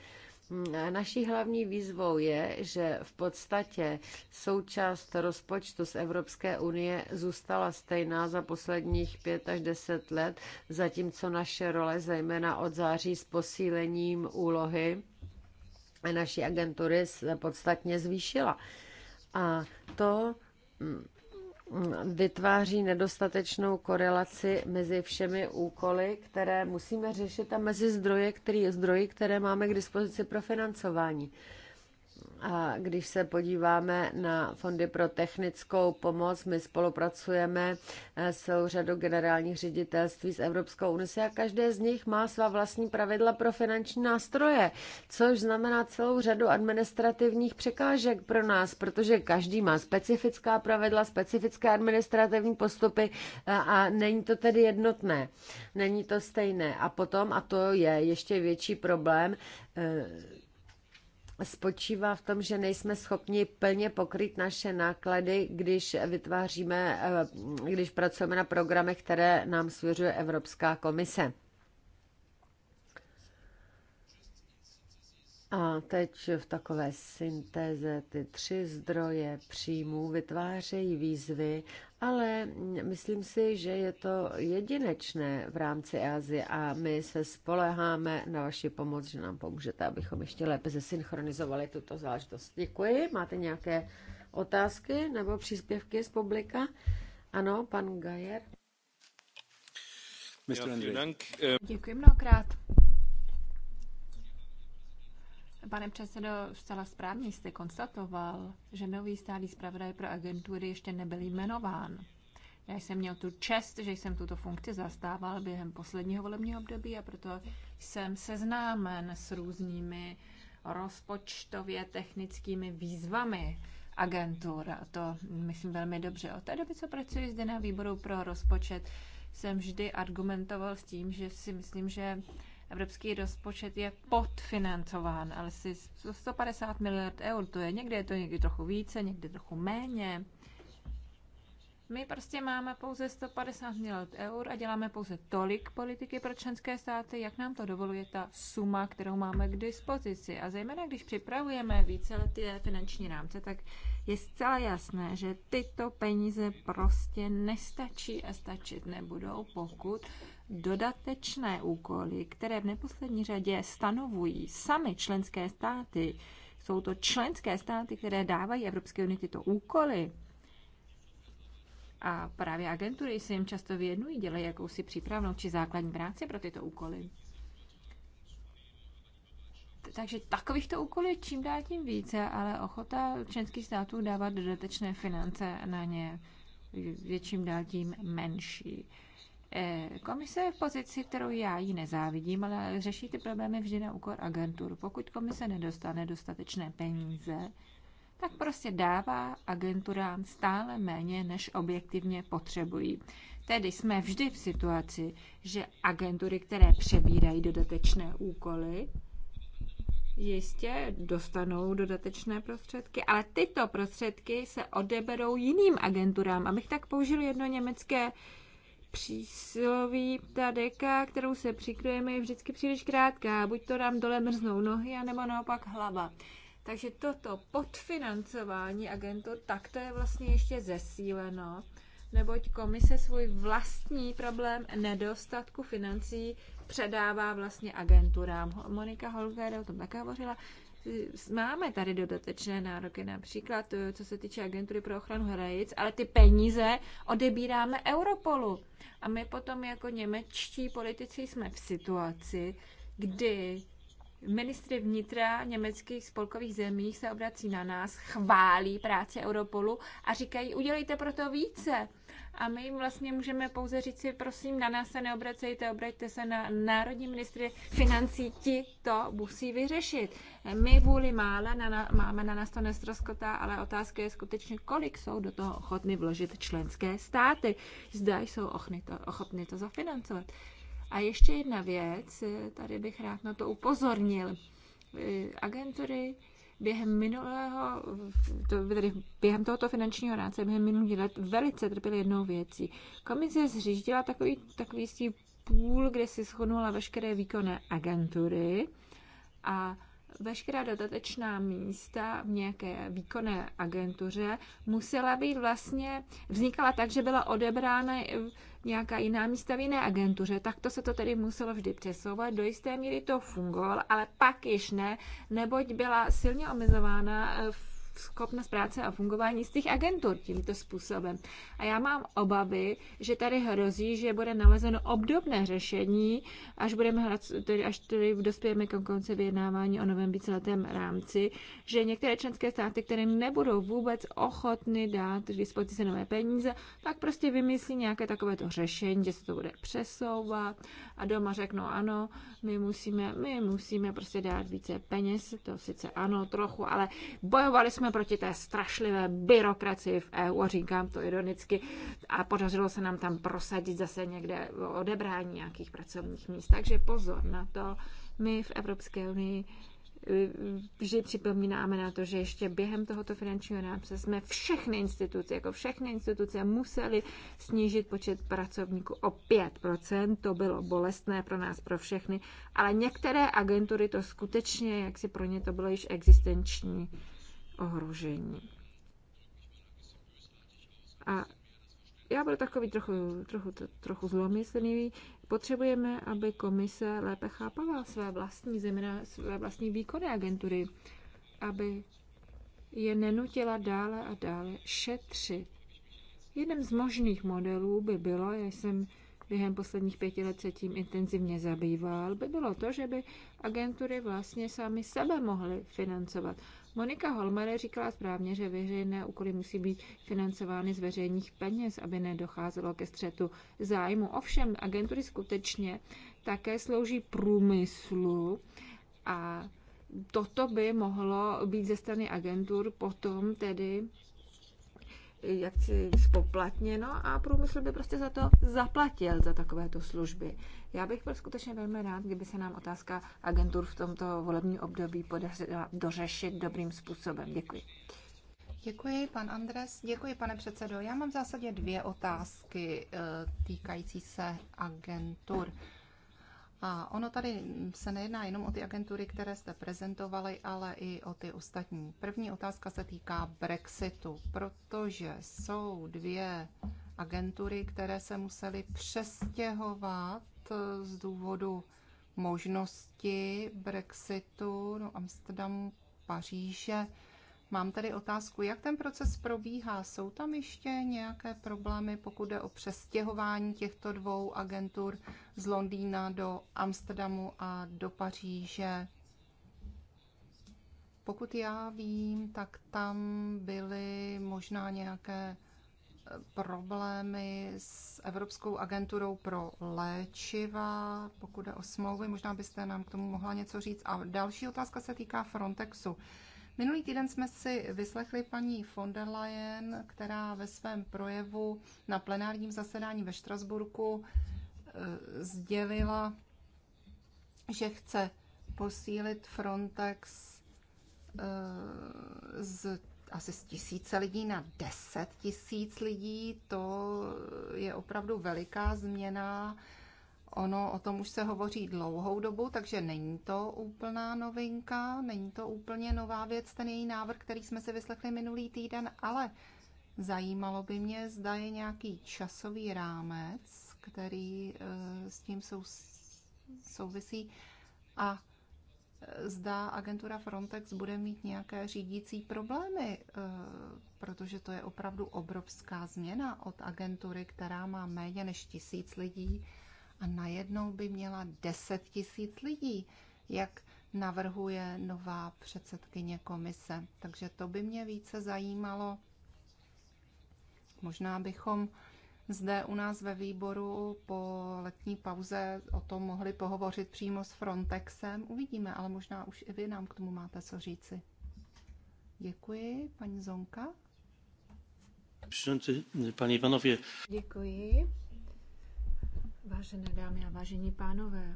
Mm, naší hlavní výzvou je, že v podstatě součást rozpočtu z Evropské unie zůstala stejná za posledních pět až deset let, zatímco naše role, zejména od září s posílením úlohy naší agentury, se podstatně zvýšila. A to vytváří nedostatečnou korelaci mezi všemi úkoly, které musíme řešit a mezi zdroje, který, zdroji, které máme k dispozici pro financování. A když se podíváme na fondy pro technickou pomoc, my spolupracujeme eh, s řadou generálních ředitelství z Evropskou unisí a každé z nich má svá vlastní pravidla pro finanční nástroje, což znamená celou řadu administrativních překážek pro nás, protože každý má specifická pravidla, specifické administrativní postupy eh, a není to tedy jednotné, není to stejné. A potom, a to je ještě větší problém, eh, spočívá v tom, že nejsme schopni plně pokryt naše náklady, když vytváříme, eh, když pracujeme na programech, které nám svěřuje Evropská komise. A teď v takové syntéze ty tři zdroje příjmů vytvářejí výzvy ale myslím si, že je to jedinečné v rámci Asie a my se spoleháme na vaši pomoc, že nám pomůžete, abychom ještě lépe zesynchronizovali tuto záležitost. Děkuji. Máte nějaké otázky nebo příspěvky z publika? Ano, pan Gajer. Děkuji mnohokrát. Pane předsedo, zcela správně jste konstatoval, že nový stálý zpravodaj pro agentury ještě nebyl jmenován. Já jsem měl tu čest, že jsem tuto funkci zastával během posledního volebního období a proto jsem seznámen s různými rozpočtově technickými výzvami agentur. A to myslím velmi dobře. Od té doby, co pracuji zde na výboru pro rozpočet, jsem vždy argumentoval s tím, že si myslím, že Evropský rozpočet je podfinancován, ale si 150 miliard eur, to je někde je to někdy trochu více, někdy trochu méně. My prostě máme pouze 150 miliard eur a děláme pouze tolik politiky pro členské státy, jak nám to dovoluje ta suma, kterou máme k dispozici. A zejména, když připravujeme více lety finanční rámce, tak je zcela jasné, že tyto peníze prostě nestačí a stačit nebudou, pokud dodatečné úkoly, které v neposlední řadě stanovují sami členské státy, jsou to členské státy, které dávají Evropské unii tyto úkoly, a právě agentury se jim často věnují, dělají jakousi přípravnou či základní práci pro tyto úkoly. Takže takovýchto úkolů je čím dál tím více, ale ochota členských států dávat dodatečné finance na ně je čím dál tím menší. Eh, komise je v pozici, kterou já jí nezávidím, ale řeší ty problémy vždy na úkor agentur. Pokud komise nedostane dostatečné peníze, tak prostě dává agenturám stále méně, než objektivně potřebují. Tedy jsme vždy v situaci, že agentury, které přebírají dodatečné úkoly, jistě dostanou dodatečné prostředky, ale tyto prostředky se odeberou jiným agenturám. Abych tak použil jedno německé přísloví, ta deka, kterou se přikryjeme, je vždycky příliš krátká. Buď to nám dole mrznou nohy, anebo naopak hlava. Takže toto podfinancování agentů, tak to je vlastně ještě zesíleno, neboť komise svůj vlastní problém nedostatku financí předává vlastně agenturám. Monika Holger o tom také hovořila máme tady dodatečné nároky, například eh, co se týče agentury pro ochranu hranic, ale ty peníze odebíráme Europolu. A my potom jako němečtí politici jsme v situaci, kdy ministry vnitra německých spolkových zemí se obrací na nás, chválí práci Europolu a říkají, udělejte proto více. A my jim vlastně můžeme pouze říct si, prosím, na nás se neobracejte, obraťte se na národní ministry financí, ti to musí vyřešit. My vůli mále na, máme na nás to nestroskotá, ale otázka je skutečně, kolik jsou do toho ochotny vložit členské státy. Zda jsou ochotny to, ochotny to zafinancovat. A ještě jedna věc, eh, tady bych rád na to upozornil. Eh, agentury během minulého, to, tedy během tohoto finančního rámce, během minulých let velice trpěli jednou věcí. Komise zřídila takový, takový jistý půl, kde si schonula veškeré výkonné agentury a veškerá dodatečná místa v nějaké výkonné agentuře musela být vlastně, vznikala tak, že byla odebrána nějaká jiná místa v jiné agentuře. Takto se to tedy muselo vždy přesouvat. Do jisté míry to fungovalo, ale pak již ne, neboť byla silně omezována v schopnost práce a fungování z těch agentur tímto způsobem. A já mám obavy, že tady hrozí, že bude nalezeno obdobné řešení, až, budeme hrát, tedy až tedy dospějeme k konci vyjednávání o novém víceletém rámci, že některé členské státy, které nebudou vůbec ochotny dát k dispozici nové peníze, tak prostě vymyslí nějaké takovéto řešení, že se to bude přesouvat a doma řeknou ano, my musíme, my musíme prostě dát více peněz, to sice ano, trochu, ale bojovali jsme proti té strašlivé byrokracii v EU, říkám to ironicky, a podařilo se nám tam prosadit zase někde odebrání nějakých pracovních míst. Takže pozor na to, my v Evropské unii vždy eh, připomínáme na to, že ještě během tohoto finančního rámce jsme všechny instituce, jako všechny instituce, museli snížit počet pracovníků o 5%. To bylo bolestné pro nás, pro všechny, ale některé agentury to skutečně, jak si pro ně to bylo již existenční ohrožení. A já byl takový trochu, trochu, trochu zlomyslný. Potřebujeme, aby komise lépe chápala své vlastní země, své vlastní výkony agentury, aby je nenutila dále a dále šetřit. Jeden z možných modelů by bylo, já jsem během posledních pěti let se tím intenzivně zabýval, by bylo to, že by agentury vlastně sami sebe mohly financovat. Monika Holmare říkala správně, že veřejné úkoly musí být financovány z veřejných peněz, aby nedocházelo ke střetu zájmu. Ovšem, agentury skutečně také slouží průmyslu a toto by mohlo být ze strany agentur potom tedy jaksi spoplatněno a průmysl by prostě za to zaplatil, za takovéto služby. Já bych byl skutečně velmi rád, kdyby se nám otázka agentur v tomto volebním období podařila dořešit dobrým způsobem. Děkuji. Děkuji, pan Andres. Děkuji, pane předsedo. Já mám v zásadě dvě otázky eh, týkající se agentur. A ono tady se nejedná jenom o ty agentury, které jste prezentovali, ale i o ty ostatní. První otázka se týká Brexitu, protože jsou dvě agentury, které se musely přestěhovat eh, z důvodu možnosti Brexitu, no Amsterdamu, Paříže. Mám tady otázku, jak ten proces probíhá? Jsou tam ještě nějaké problémy, pokud jde o přestěhování těchto dvou agentur z Londýna do Amsterdamu a do Paříže? Pokud já vím, tak tam byly možná nějaké eh, problémy s Evropskou agenturou pro léčiva, pokud jde o smlouvy, možná byste nám k tomu mohla něco říct. A další otázka se týká Frontexu. Minulý týden jsme si vyslechli paní von der Leyen, která ve svém projevu na plenárním zasedání ve Štrasburku eh, sdělila, že chce posílit Frontex eh, z asi z tisíce lidí na deset tisíc lidí, to je opravdu veliká změna. Ono o tom už se hovoří dlouhou dobu, takže není to úplná novinka, není to úplně nová věc, ten její návrh, který jsme si vyslechli minulý týden, ale zajímalo by mě, zda je nějaký časový rámec, který eh, s tím sou, souvisí a eh, zda agentura Frontex bude mít nějaké řídící problémy, eh, protože to je opravdu obrovská změna od agentury, která má méně než tisíc lidí, a najednou by měla 10 tisíc lidí, jak navrhuje nová předsedkyně komise. Takže to by mě více zajímalo. Možná bychom zde u nás ve výboru po letní pauze o tom mohli pohovořit přímo s Frontexem. Uvidíme, ale možná už i vy nám k tomu máte co říci. Děkuji, paní Zonka. Pani panowie. Děkuji. Vážené dámy a vážení pánové,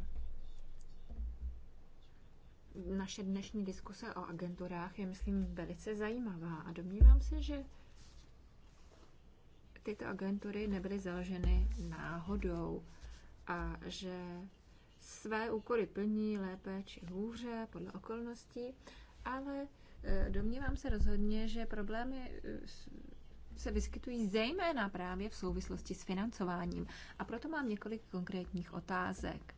naše dnešní diskuse o agenturách je, myslím, velice zajímavá a domnívám se, že tyto agentury nebyly založeny náhodou a že své úkoly plní lépe či hůře podle okolností, ale eh, domnívám se rozhodně, že problémy eh, se vyskytují zejména právě v souvislosti s financováním. A proto mám několik konkrétních otázek.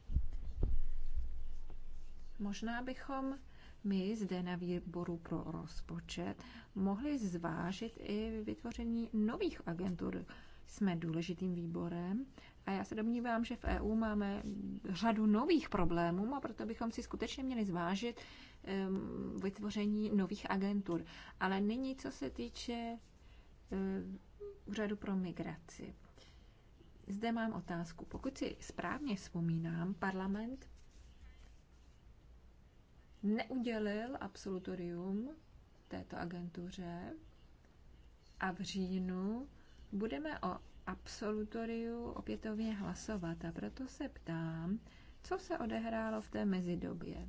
Možná bychom my zde na výboru pro rozpočet mohli zvážit i vytvoření nových agentur. Jsme důležitým výborem a já se domnívám, že v EU máme řadu nových problémů a proto bychom si skutečně měli zvážit um, vytvoření nových agentur. Ale nyní, co se týče Eh, úřadu pro migraci. Zde mám otázku. Pokud si správně vzpomínám, parlament neudělil absolutorium této agentuře a v říjnu budeme o absolutoriu opětovně hlasovat. A proto se ptám, co se odehrálo v té mezidobě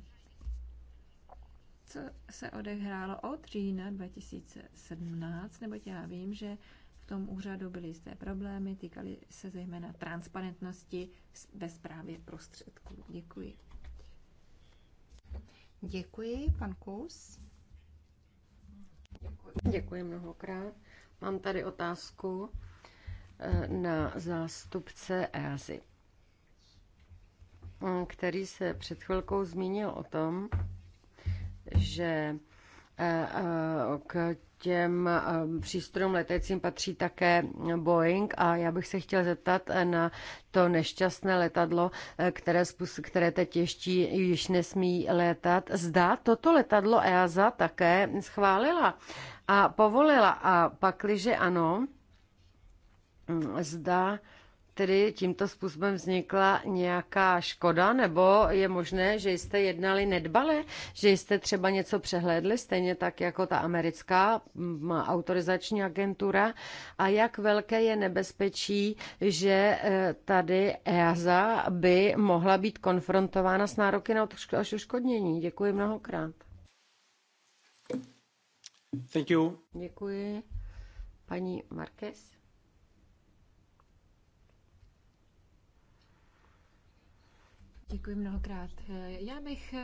co se odehrálo od října 2017, neboť já vím, že v tom úřadu byly jisté problémy, týkaly se zejména transparentnosti ve správě prostředků. Děkuji. Děkuji, pan Kous. Děkuji, Děkuji mnohokrát. Mám tady otázku eh, na zástupce EASY, který se před chvilkou zmínil o tom, že eh, eh, k těm eh, přístrojům letajícím patří také Boeing a já bych se chtěla zeptat na to nešťastné letadlo, které, spus- které teď ještě již nesmí létat. Zdá toto letadlo EASA také schválila a povolila a pakliže ano, mm, zdá tedy tímto způsobem vznikla nějaká škoda, nebo je možné, že jste jednali nedbale, že jste třeba něco přehlédli, stejně tak jako ta americká mm, autorizační agentura. A jak velké je nebezpečí, že e, tady EASA by mohla být konfrontována s nároky na oškodnění? Děkuji mnohokrát. Thank you. Děkuji. Paní Marquez. Děkuji mnohokrát. Já bych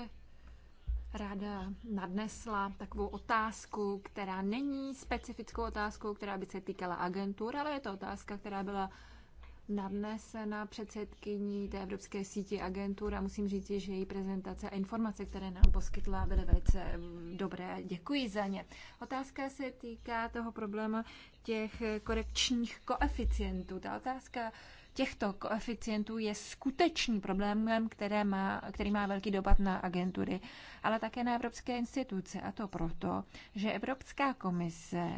ráda nadnesla takovou otázku, která není specifickou otázkou, která by se týkala agentur, ale je to otázka, která byla nadnesena předsedkyní té Evropské síti agentur a musím říct, že její prezentace a informace, které nám poskytla, byly velice mm, dobré. Děkuji za ně. Otázka se týká toho problému těch korekčních koeficientů. Ta otázka těchto koeficientů je skutečný problémem, které má, který má velký dopad na agentury, ale také na evropské instituce. A to proto, že Evropská komise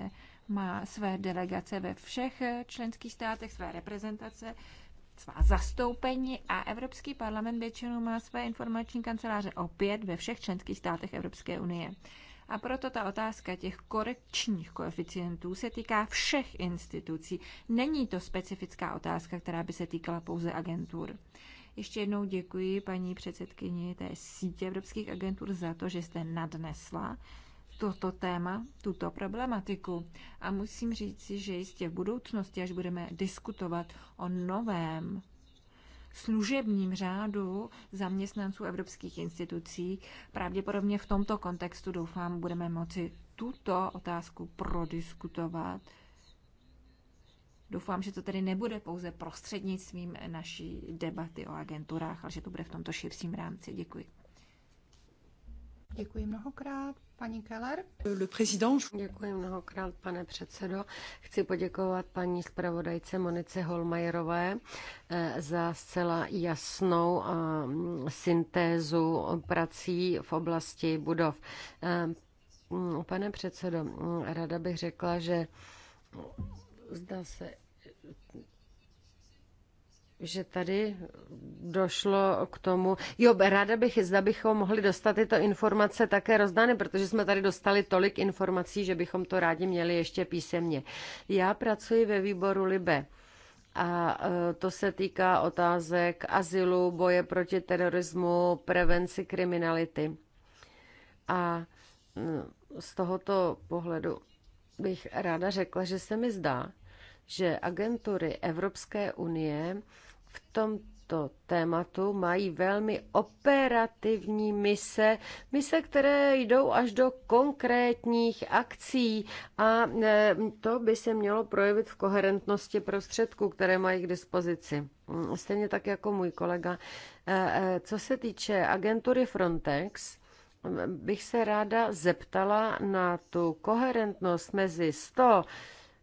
má své delegace ve všech členských státech, své reprezentace, svá zastoupení a Evropský parlament většinou má své informační kanceláře opět ve všech členských státech Evropské unie. A proto ta otázka těch korekčních koeficientů se týká všech institucí. Není to specifická otázka, která by se týkala pouze agentur. Ještě jednou děkuji paní předsedkyni té sítě evropských agentur za to, že jste nadnesla toto téma, tuto problematiku. A musím říci, že jistě v budoucnosti, až budeme diskutovat o novém služebním řádu zaměstnanců evropských institucí. Pravděpodobně v tomto kontextu doufám, budeme moci tuto otázku prodiskutovat. Doufám, že to tedy nebude pouze prostřednictvím naší debaty o agenturách, ale že to bude v tomto širším rámci. Děkuji. Děkuji mnohokrát. Paní Keller. Le président. Děkuji mnohokrát, pane předsedo. Chci poděkovat paní zpravodajce Monice Holmajerové eh, za zcela jasnou eh, syntézu prací v oblasti budov. Eh, pane předsedo, mm, rada bych řekla, že zdá se, že tady došlo k tomu. Jo, ráda bych, zda bychom mohli dostat tyto informace také rozdány, protože jsme tady dostali tolik informací, že bychom to rádi měli ještě písemně. Já pracuji ve výboru Libe. A e, to se týká otázek azylu, boje proti terorismu, prevenci kriminality. A e, z tohoto pohledu bych ráda řekla, že se mi zdá, že agentury Evropské unie v tomto tématu mají velmi operativní mise, mise, které jdou až do konkrétních akcí a e, to by se mělo projevit v koherentnosti prostředků, které mají k dispozici. Mm, stejně tak jako můj kolega. E, e, co se týče agentury Frontex, bych se ráda zeptala na tu koherentnost mezi 100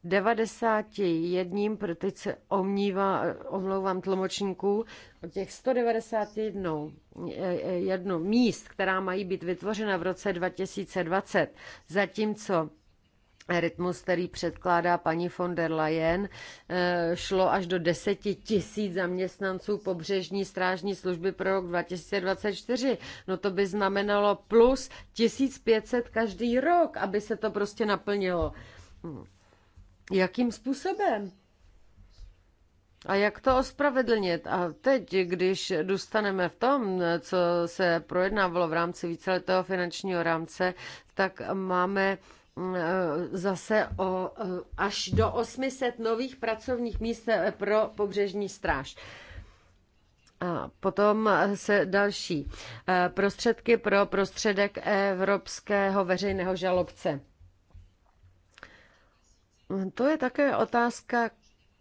91, pro teď se omnívá, omlouvám tlumočníků, o těch 191 eh, eh, jedno míst, která mají být vytvořena v roce 2020, zatímco rytmus, který předkládá paní von der Leyen, eh, šlo až do 10 tisíc zaměstnanců pobřežní strážní služby pro rok 2024. No to by znamenalo plus 1500 každý rok, aby se to prostě naplnilo. Jakým způsobem? A jak to ospravedlnit? A teď, když dostaneme v tom, co se projednávalo v rámci víceletého finančního rámce, tak máme mm, eh, zase o eh, až do 800 nových pracovních míst eh, pro pobřežní stráž. A potom se další prostředky pro prostředek Evropského veřejného žalobce. To je také otázka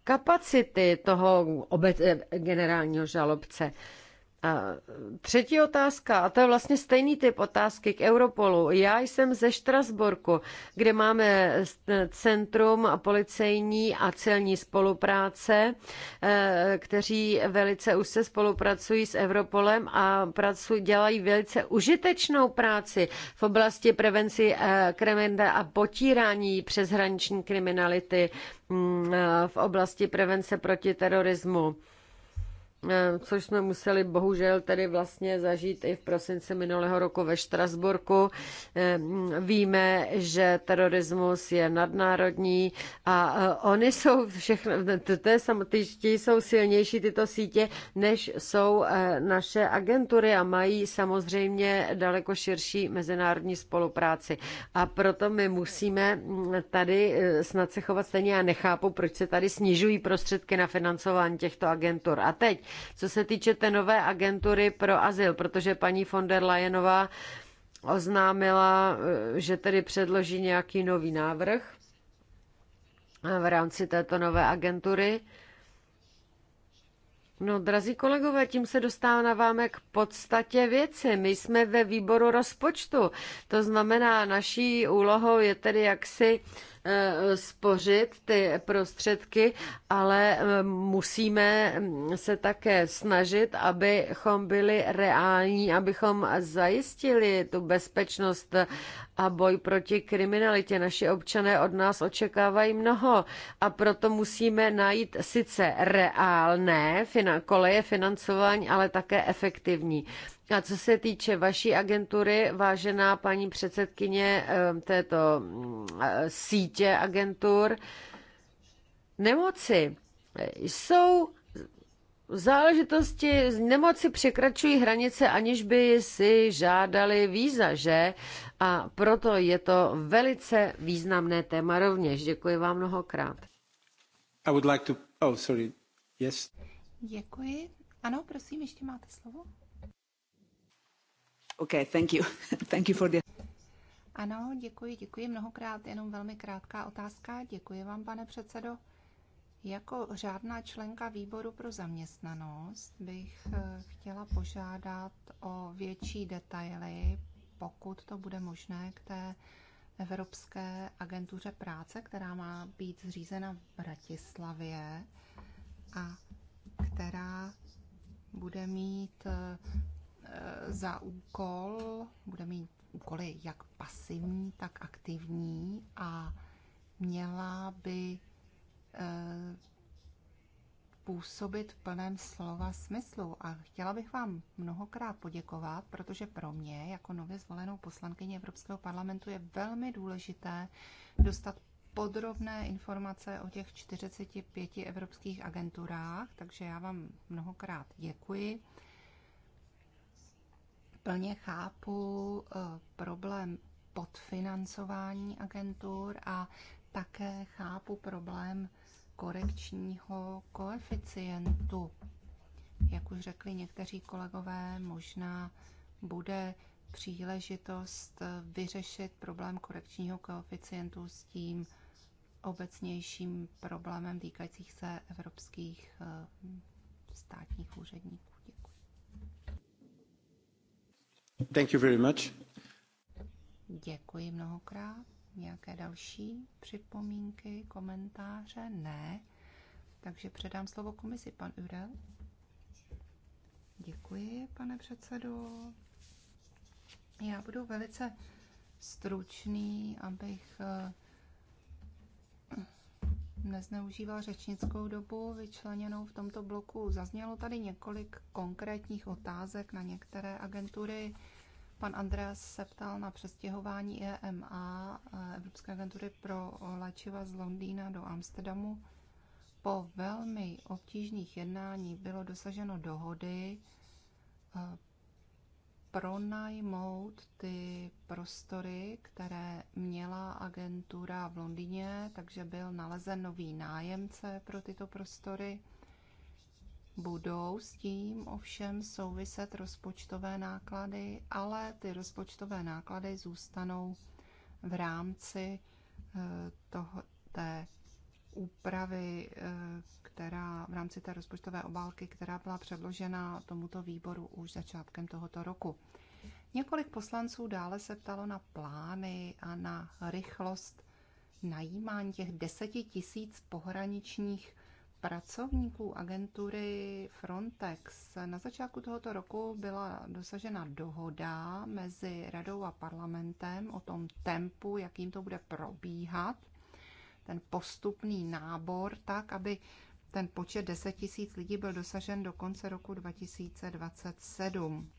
kapacity toho obec, eh, generálního žalobce třetí otázka, a to je vlastně stejný typ otázky k Europolu. Já jsem ze Štrasburku, kde máme Centrum policejní a celní spolupráce, eh, kteří velice už se spolupracují s Europolem a dělají velice užitečnou práci v oblasti prevenci eh, kremenda a potírání přeshraniční kriminality mm, eh, v oblasti prevence proti terorismu. Eh, což jsme museli bohužel tedy vlastně zažít i v prosinci minulého roku ve Štrasburku. Eh, víme, že terorismus je nadnárodní a eh, oni jsou všechno, to je samotný, jsou silnější tyto sítě, než jsou naše agentury a mají samozřejmě daleko širší mezinárodní spolupráci. A proto my musíme hm, tady snad se chovat stejně. Já nechápu, proč se tady snižují prostředky na financování těchto agentur. A teď co se týče té nové agentury pro azyl, protože paní von der Leyenová oznámila, eh, že tedy předloží nějaký nový návrh eh, v rámci této nové agentury. No, drazí kolegové, tím se dostáváme k podstatě věci. My jsme ve výboru rozpočtu. To znamená, naší úlohou je tedy jaksi uh, Eh, spořit ty prostředky, ale eh, musíme se také snažit, abychom byli reální, abychom zajistili tu bezpečnost a boj proti kriminalitě. Naši občané od nás očekávají mnoho a proto musíme najít sice reálné koleje financování, ale také efektivní. A co se týče vaší agentury, vážená paní předsedkyně eh, této mm, eh, sítě agentur, nemoci jsou v záležitosti nemoci překračují hranice, aniž by si žádali víza, že? A proto je to velice významné téma rovněž. Děkuji vám mnohokrát. I would like to... Oh, sorry. Yes. Děkuji. Ano, prosím, ještě máte slovo. Okay, thank you. (laughs) thank you for the... Ano, děkuji, děkuji mnohokrát. Jenom velmi krátká otázka. Děkuji vám, pane předsedo. Jako řádná členka výboru pro zaměstnanost bych eh, chtěla požádat o větší detaily, pokud to bude možné, k té Evropské agentuře práce, která má být zřízena v Bratislavě a která bude mít eh, Eh, za úkol, bude mít úkoly jak pasivní, tak aktivní a měla by eh, působit v plném slova smyslu. A chtěla bych vám mnohokrát poděkovat, protože pro mě, jako nově zvolenou poslankyni Evropského parlamentu, je velmi důležité dostat podrobné informace o těch 45 evropských agenturách, takže já vám mnohokrát děkuji. Plně chápu eh, problém podfinancování agentur a také chápu problém korekčního koeficientu. Jak už řekli někteří kolegové, možná bude příležitost eh, vyřešit problém korekčního koeficientu s tím obecnějším problémem týkajících se evropských eh, státních úředníků. Thank you very much. Děkuji mnohokrát. Nějaké další připomínky, komentáře? Ne. Takže předám slovo komisi, pan Urel. Děkuji, pane předsedo. Já budu velice stručný, abych eh, nezneužíval řečnickou dobu vyčleněnou v tomto bloku. Zaznělo tady několik konkrétních otázek na některé agentury. Pan Andreas se ptal na přestěhování EMA, eh, Evropské agentury pro léčiva z Londýna do Amsterdamu. Po velmi obtížných jednání bylo dosaženo dohody eh, pronajmout ty prostory, které měla agentura v Londýně, takže byl nalezen nový nájemce pro tyto prostory. Budou s tím ovšem souviset rozpočtové náklady, ale ty rozpočtové náklady zůstanou v rámci eh, toho, té úpravy, eh, která v rámci té rozpočtové obálky, která byla předložena tomuto výboru už začátkem tohoto roku. Několik poslanců dále se ptalo na plány a na rychlost najímání těch deseti tisíc pohraničních pracovníků agentury Frontex. Na začátku tohoto roku byla dosažena dohoda mezi radou a parlamentem o tom tempu, jakým to bude probíhat ten postupný nábor tak, aby ten počet 10 000 lidí byl dosažen do konce roku 2027.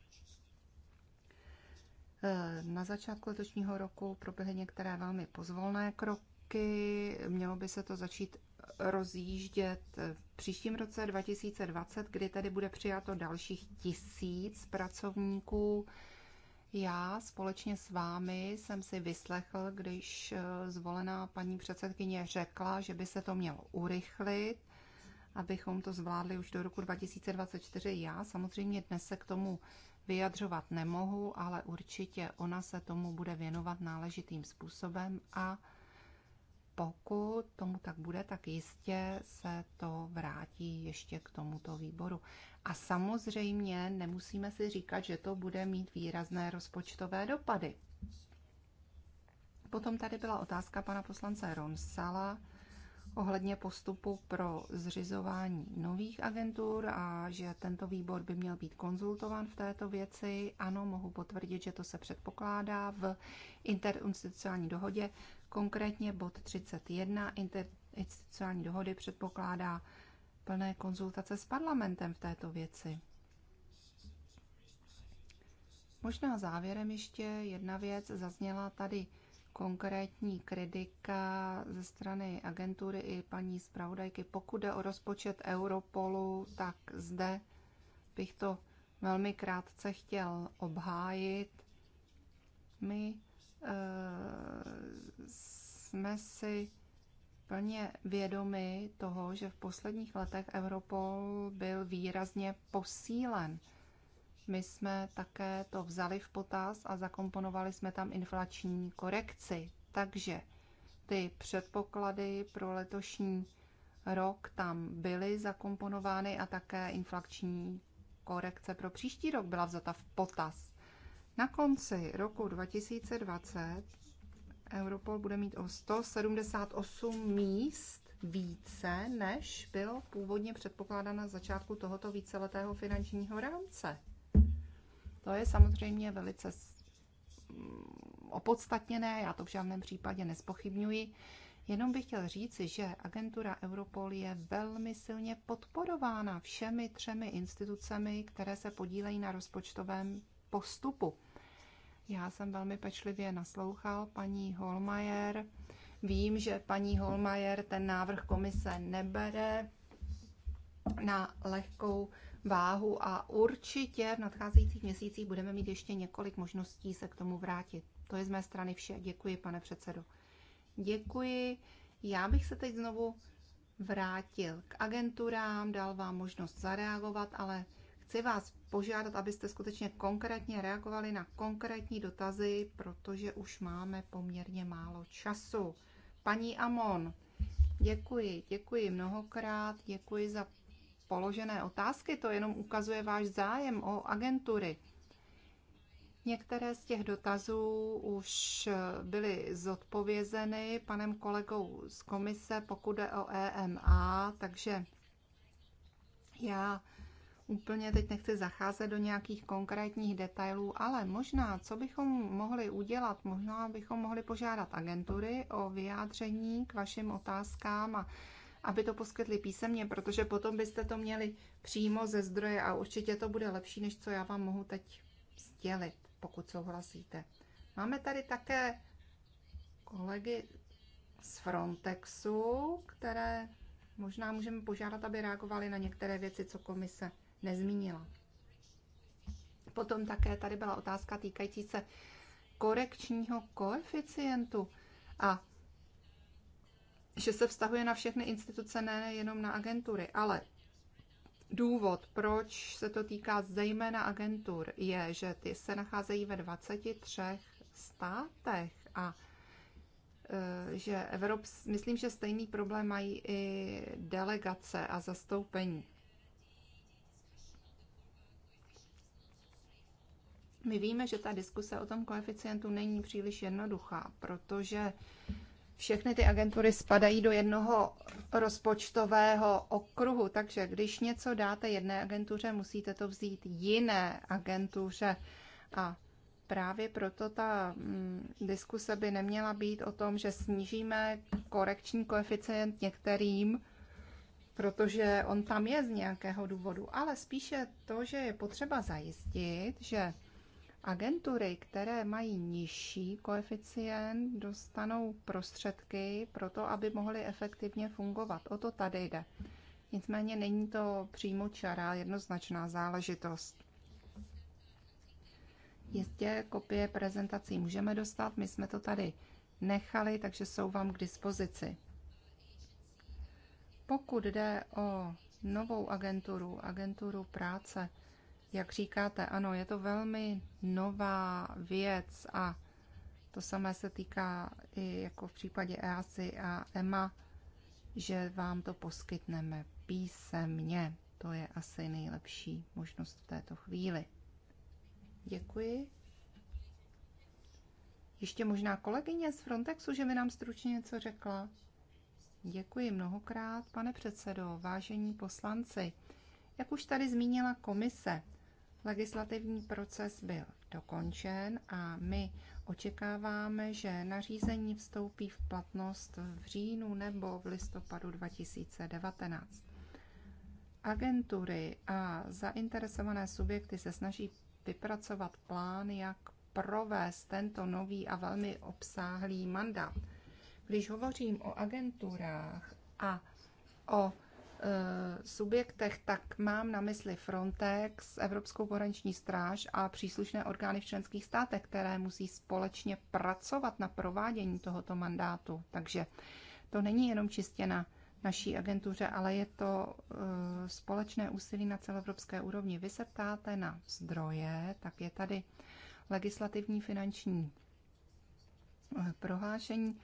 Eh, na začátku letošního roku proběhly některé velmi pozvolné kroky. Mělo by se to začít rozjíždět eh, v příštím roce 2020, kdy tedy bude přijato dalších tisíc pracovníků. Já společně s vámi jsem si vyslechl, když eh, zvolená paní předsedkyně řekla, že by se to mělo urychlit, abychom to zvládli už do roku 2024. Já samozřejmě dnes se k tomu vyjadřovat nemohu, ale určitě ona se tomu bude věnovat náležitým způsobem a pokud tomu tak bude, tak jistě se to vrátí ještě k tomuto výboru. A samozřejmě nemusíme si říkat, že to bude mít výrazné rozpočtové dopady. Potom tady byla otázka pana poslance Ronsala ohledně postupu pro zřizování nových agentur a že tento výbor by měl být konzultován v této věci. Ano, mohu potvrdit, že to se předpokládá v interinstitucionální dohodě, Konkrétně bod 31 interinstitucionální dohody předpokládá plné konzultace s parlamentem v této věci. Možná závěrem ještě jedna věc. Zazněla tady konkrétní kritika ze strany agentury i paní zpravodajky. Pokud jde o rozpočet Europolu, tak zde bych to velmi krátce chtěl obhájit. My jsme si plně vědomi toho, že v posledních letech Europol byl výrazně posílen. My jsme také to vzali v potaz a zakomponovali jsme tam inflační korekci. Takže ty předpoklady pro letošní rok tam byly zakomponovány a také inflační korekce pro příští rok byla vzata v potaz. Na konci roku 2020 Europol bude mít o 178 míst více, než bylo původně předpokládáno na začátku tohoto víceletého finančního rámce. To je samozřejmě velice opodstatněné, já to v žádném případě nespochybnuji. Jenom bych chtěl říci, že agentura Europol je velmi silně podporována všemi třemi institucemi, které se podílejí na rozpočtovém postupu. Já jsem velmi pečlivě naslouchal paní Holmajer. Vím, že paní Holmajer ten návrh komise nebere na lehkou váhu a určitě v nadcházejících měsících budeme mít ještě několik možností se k tomu vrátit. To je z mé strany vše. Děkuji, pane předsedo. Děkuji. Já bych se teď znovu vrátil k agenturám, dal vám možnost zareagovat, ale Chci vás požádat, abyste skutečně konkrétně reagovali na konkrétní dotazy, protože už máme poměrně málo času. Paní Amon, děkuji, děkuji mnohokrát, děkuji za položené otázky, to jenom ukazuje váš zájem o agentury. Některé z těch dotazů už byly zodpovězeny panem kolegou z komise, pokud je o EMA, takže já Úplně teď nechci zacházet do nějakých konkrétních detailů, ale možná, co bychom mohli udělat, možná bychom mohli požádat agentury o vyjádření k vašim otázkám a aby to poskytli písemně, protože potom byste to měli přímo ze zdroje a určitě to bude lepší, než co já vám mohu teď sdělit, pokud souhlasíte. Máme tady také kolegy z Frontexu, které možná můžeme požádat, aby reagovali na některé věci, co komise nezmínila. Potom také tady byla otázka týkající se korekčního koeficientu a že se vztahuje na všechny instituce, ne jenom na agentury, ale důvod, proč se to týká zejména agentur, je, že ty se nacházejí ve 23 státech a e, že Evrop, myslím, že stejný problém mají i delegace a zastoupení. My víme, že ta diskuse o tom koeficientu není příliš jednoduchá, protože všechny ty agentury spadají do jednoho rozpočtového okruhu, takže když něco dáte jedné agentuře, musíte to vzít jiné agentuře. A právě proto ta mm, diskuse by neměla být o tom, že snížíme korekční koeficient některým, protože on tam je z nějakého důvodu, ale spíše to, že je potřeba zajistit, že Agentury, které mají nižší koeficient, dostanou prostředky pro to, aby mohly efektivně fungovat. O to tady jde. Nicméně není to přímo čará jednoznačná záležitost. Jistě kopie prezentací můžeme dostat, my jsme to tady nechali, takže jsou vám k dispozici. Pokud jde o novou agenturu, agenturu práce, jak říkáte, ano, je to velmi nová věc a to samé se týká i jako v případě EASI a EMA, že vám to poskytneme písemně. To je asi nejlepší možnost v této chvíli. Děkuji. Ještě možná kolegyně z Frontexu, že mi nám stručně něco řekla. Děkuji mnohokrát, pane předsedo, vážení poslanci. Jak už tady zmínila komise, Legislativní proces byl dokončen a my očekáváme, že nařízení vstoupí v platnost v říjnu nebo v listopadu 2019. Agentury a zainteresované subjekty se snaží vypracovat plán, jak provést tento nový a velmi obsáhlý mandát. Když hovořím o agenturách a o Eh, subjektech, tak mám na mysli Frontex, Evropskou pohraniční stráž a příslušné orgány v členských státech, které musí společně pracovat na provádění tohoto mandátu. Takže to není jenom čistě na naší agentuře, ale je to eh, společné úsilí na celoevropské úrovni. Vy se ptáte na zdroje, tak je tady legislativní finanční eh, prohlášení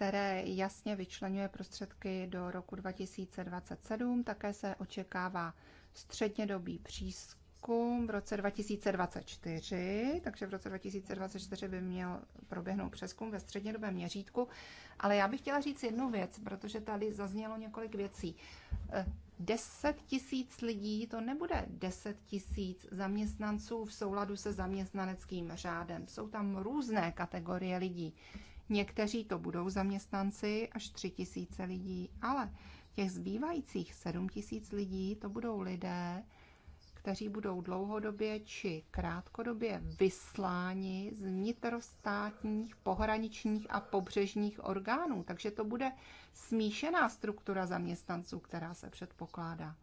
které jasně vyčlenuje prostředky do roku 2027. Také se očekává střednědobý přízkum v roce 2024, takže v roce 2024 by měl proběhnout přeskum ve střednědobém měřítku. Ale já bych chtěla říct jednu věc, protože tady zaznělo několik věcí. 10 tisíc lidí, to nebude 10 tisíc zaměstnanců v souladu se zaměstnaneckým řádem. Jsou tam různé kategorie lidí. Někteří to budou zaměstnanci až 3 tisíce lidí, ale těch zbývajících 7 tisíc lidí to budou lidé, kteří budou dlouhodobě či krátkodobě vysláni z vnitrostátních, pohraničních a pobřežních orgánů. Takže to bude smíšená struktura zaměstnanců, která se předpokládá.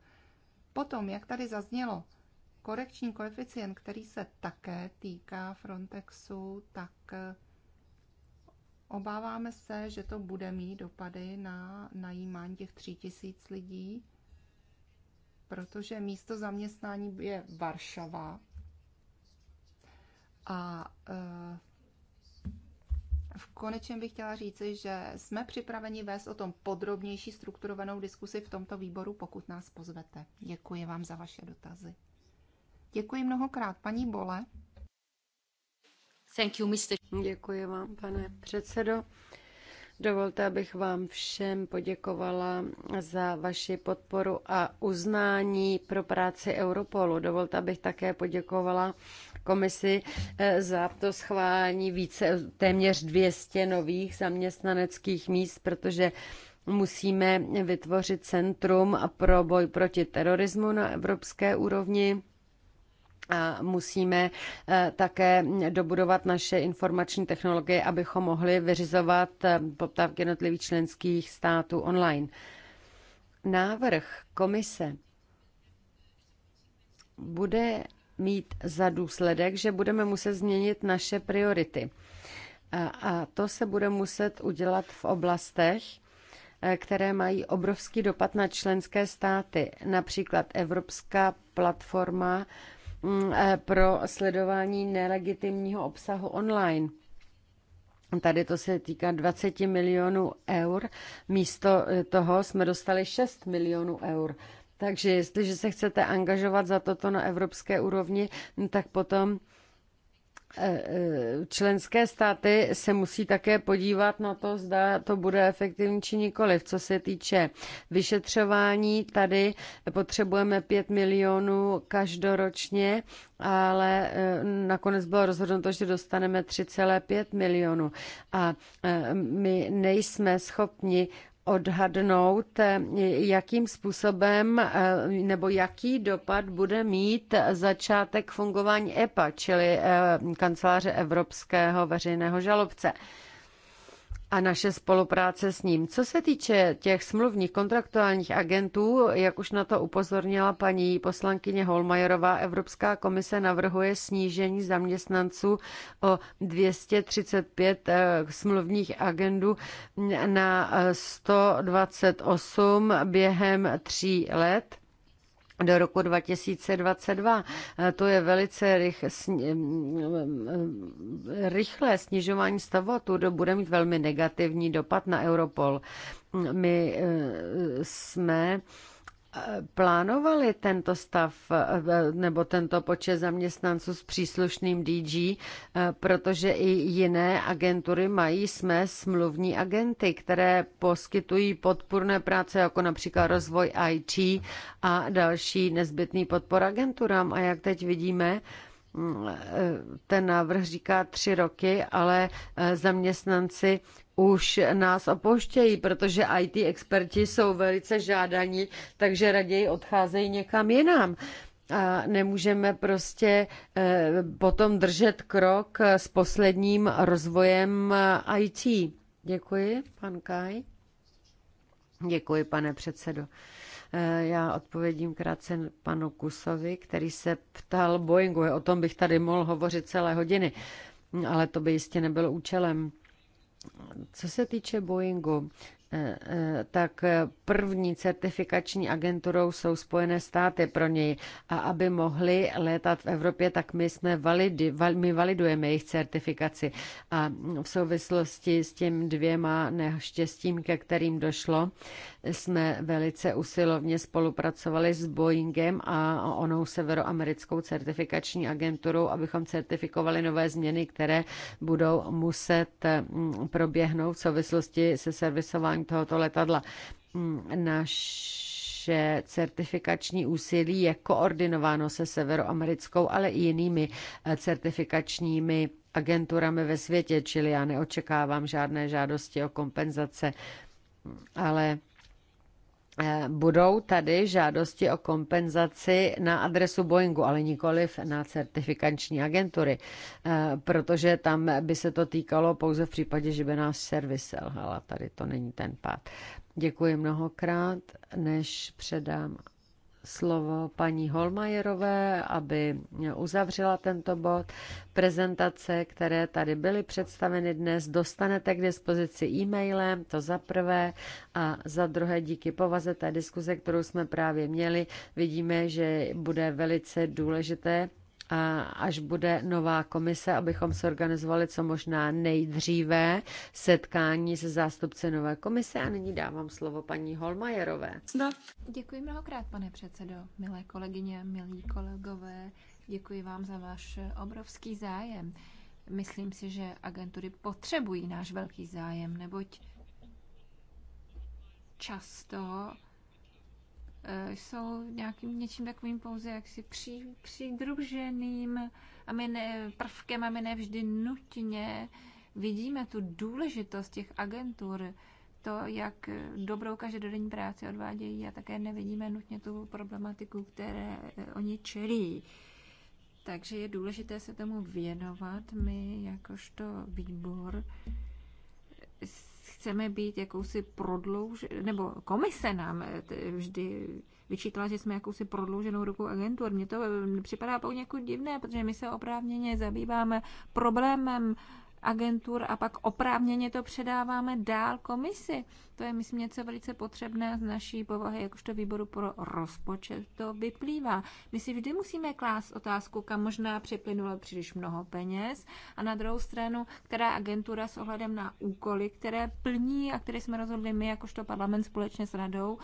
Potom, jak tady zaznělo, korekční koeficient, který se také týká Frontexu, tak eh, Obáváme se, že to bude mít dopady na najímání těch tří tisíc lidí, protože místo zaměstnání je Varšava a eh, v konečném bych chtěla říci, že jsme připraveni vést o tom podrobnější strukturovanou diskusi v tomto výboru, pokud nás pozvete. Děkuji vám za vaše dotazy. Děkuji mnohokrát, paní Bole. Děkuji vám, pane předsedo. Dovolte, abych vám všem poděkovala za vaši podporu a uznání pro práci Europolu. Dovolte, abych také poděkovala komisi eh, za to schválení více, téměř 200 nových zaměstnaneckých míst, protože musíme vytvořit centrum pro boj proti terorismu na evropské úrovni musíme eh, také dobudovat naše informační technologie, abychom mohli vyřizovat eh, poptávky jednotlivých členských států online. Návrh komise bude mít za důsledek, že budeme muset změnit naše priority. A to se bude muset udělat v oblastech, eh, které mají obrovský dopad na členské státy, například Evropská platforma Mm, eh, pro sledování nelegitimního obsahu online. Tady to se týká 20 milionů eur, místo eh, toho jsme dostali 6 milionů eur. Takže jestliže se chcete angažovat za toto na evropské úrovni, mm, tak potom Eh, eh, členské státy se musí také podívat na to, zda to bude efektivní či nikoliv. Co se týče vyšetřování, tady potřebujeme 5 milionů každoročně, ale eh, nakonec bylo rozhodnuto, že dostaneme 3,5 milionů. A my nejsme schopni odhadnout, jakým způsobem eh, nebo jaký dopad bude mít začátek fungování EPA, čili eh, kanceláře Evropského veřejného žalobce a naše spolupráce s ním. Co se týče těch smluvních kontraktuálních agentů, jak už na to upozornila paní poslankyně Holmajerová, Evropská komise navrhuje snížení zaměstnanců o 235 eh, smluvních agentů na 128 eh, během tří let do roku 2022. Eh, to je velice rych, mm, mm, rychlé snižování stavu a to bude mít velmi negativní dopad na Europol. Mm, my eh, jsme plánovali tento stav eh, nebo tento počet zaměstnanců s příslušným DG, eh, protože i jiné agentury mají jsme smluvní agenty, které poskytují podpůrné práce, jako například rozvoj IT a další nezbytný podpor agenturám. A jak teď vidíme, mm, eh, ten návrh říká tři roky, ale zaměstnanci už nás opouštějí, protože IT experti jsou velice žádaní, takže raději odcházejí někam jinam. A nemůžeme prostě eh, potom držet krok s posledním rozvojem eh, IT. Děkuji, pan Kaj. Děkuji, pane předsedo. Eh, já odpovědím krátce panu Kusovi, který se ptal Boeingu. O tom bych tady mohl hovořit celé hodiny, ale to by jistě nebylo účelem. Co se týče Boeingu, eh, eh, tak první certifikační agenturou jsou Spojené státy pro něj. A aby mohli létat v Evropě, tak my jsme validi, val, my validujeme jejich certifikaci. A v souvislosti s těm dvěma neštěstím, ke kterým došlo, jsme velice usilovně spolupracovali s Boeingem a onou severoamerickou certifikační agenturou, abychom certifikovali nové změny, které budou muset mm, proběhnout v souvislosti se servisováním tohoto letadla. Naš mm, naše certifikační úsilí je koordinováno se severoamerickou, ale i jinými eh, certifikačními agenturami ve světě, čili já neočekávám žádné žádosti o kompenzace, ale budou tady žádosti o kompenzaci na adresu Boeingu, ale nikoliv na certifikační agentury, eh, protože tam by se to týkalo pouze v případě, že by nás servis selhala. Tady to není ten pád. Děkuji mnohokrát, než předám slovo paní Holmajerové, aby uzavřela tento bod. Prezentace, které tady byly představeny dnes, dostanete k dispozici e-mailem, to za prvé. A za druhé, díky povaze té diskuze, kterou jsme právě měli, vidíme, že bude velice důležité až bude nová komise, abychom se organizovali co možná nejdříve setkání se zástupce nové komise. A nyní dávám slovo paní Holmajerové. No. Děkuji mnohokrát, pane předsedo, milé kolegyně, milí kolegové. Děkuji vám za váš obrovský zájem. Myslím si, že agentury potřebují náš velký zájem, neboť často Eh, jsou nějakým něčím takovým pouze jaksi při, přidruženým a my ne, prvkem a my nevždy nutně vidíme tu důležitost těch agentur, to, jak dobrou každodenní práci odvádějí a také nevidíme nutně tu problematiku, které eh, oni čelí. Takže je důležité se tomu věnovat. My, jakožto výbor, chceme být jakousi prodlouž, nebo komise nám eh, vždy vyčítala, že jsme jakousi prodlouženou rukou agentur. Mně to eh, připadá poněkud divné, protože my se oprávněně zabýváme problémem agentur a pak oprávněně to předáváme dál komisi. To je, myslím, něco velice potřebné z naší povahy, jakožto výboru pro rozpočet to vyplývá. My si vždy musíme klást otázku, kam možná připlynulo příliš mnoho peněz a na druhou stranu, která agentura s ohledem na úkoly, které plní a které jsme rozhodli my, jakožto parlament společně s radou,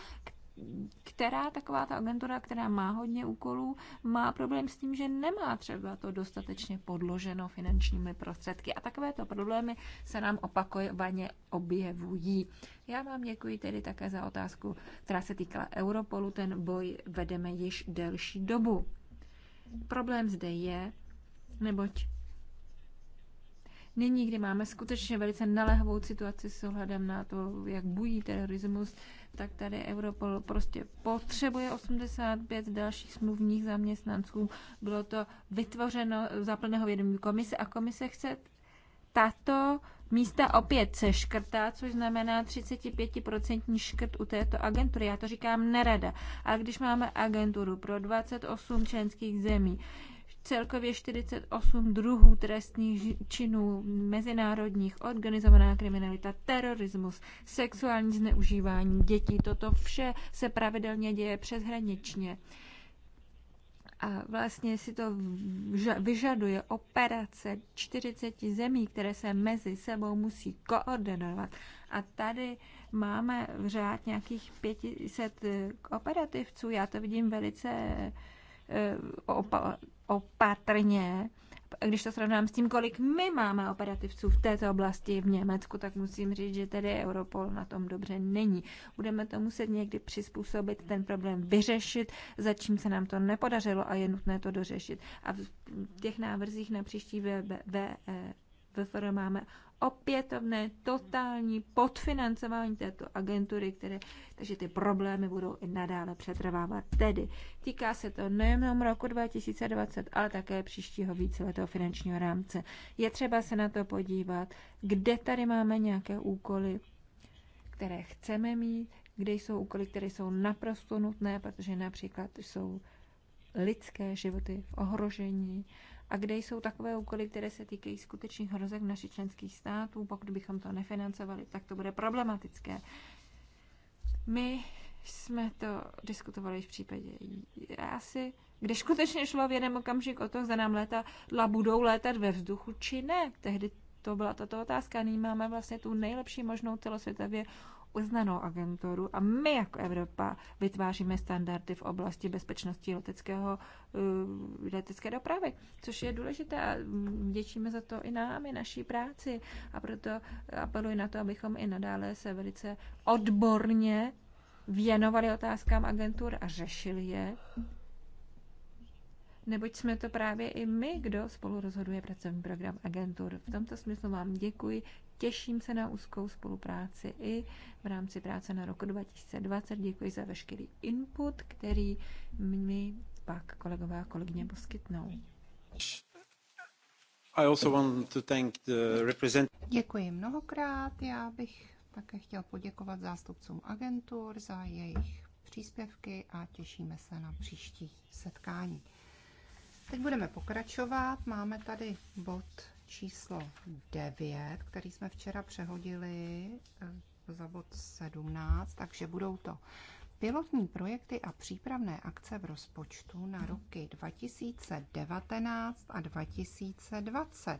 která taková ta agentura, která má hodně úkolů, má problém s tím, že nemá třeba to dostatečně podloženo finančními prostředky. A takovéto problémy se nám opakovaně objevují. Já vám děkuji tedy také za otázku, která se týkala Europolu. Ten boj vedeme již delší dobu. Problém zde je, neboť nyní, kdy máme skutečně velice nalehovou situaci s ohledem na to, jak bují terorismus, tak tady Europol prostě potřebuje 85 dalších smluvních zaměstnanců. Bylo to vytvořeno za plného vědomí komise a komise chce tato místa opět se škrtá, což znamená 35% škrt u této agentury. Já to říkám nerada. A když máme agenturu pro 28 členských zemí, celkově 48 druhů trestných činů mezinárodních, organizovaná kriminalita, terorismus, sexuální zneužívání dětí. Toto vše se pravidelně děje přeshraničně. A vlastně si to vyžaduje operace 40 zemí, které se mezi sebou musí koordinovat. A tady máme v řád nějakých 500 eh, operativců. Já to vidím velice Eh, opatrně. A když to srovnám s tím, kolik my máme operativců v této oblasti v Německu, tak musím říct, že tedy Europol na tom dobře není. Budeme to muset někdy přizpůsobit, ten problém vyřešit, začím se nám to nepodařilo a je nutné to dořešit. A v těch návrzích na příští VFR e, máme opětovné totální podfinancování této agentury, které, takže ty problémy budou i nadále přetrvávat. Tedy týká se to nejenom roku 2020, ale také příštího víceletého finančního rámce. Je třeba se na to podívat, kde tady máme nějaké úkoly, které chceme mít, kde jsou úkoly, které jsou naprosto nutné, protože například jsou lidské životy v ohrožení, a kde jsou takové úkoly, které se týkají skutečných hrozek našich členských států. Pokud bychom to nefinancovali, tak to bude problematické. My jsme to diskutovali v případě asi, když skutečně šlo v jeden okamžik o to, zda nám letadla budou létat ve vzduchu či ne. Tehdy to byla tato otázka. Nyní máme vlastně tu nejlepší možnou celosvětově uznanou agenturu a my jako Evropa vytváříme standardy v oblasti bezpečnosti leteckého, eh, letecké dopravy, což je důležité a děčíme za to i nám, i naší práci. A proto apeluji na to, abychom i nadále se velice odborně věnovali otázkám agentur a řešili je neboť jsme to právě i my, kdo spolu rozhoduje pracovní program agentur. V tomto smyslu vám děkuji, těším se na úzkou spolupráci i v rámci práce na roku 2020. Děkuji za veškerý input, který mi pak kolegové a kolegyně poskytnou. I also want to thank the represent- Děkuji mnohokrát. Já bych také chtěl poděkovat zástupcům agentur za jejich příspěvky a těšíme se na příští setkání. Teď budeme pokračovat. Máme tady bod číslo 9, který jsme včera přehodili eh, za bod 17, takže budou to pilotní projekty a přípravné akce v rozpočtu na roky 2019 a 2020.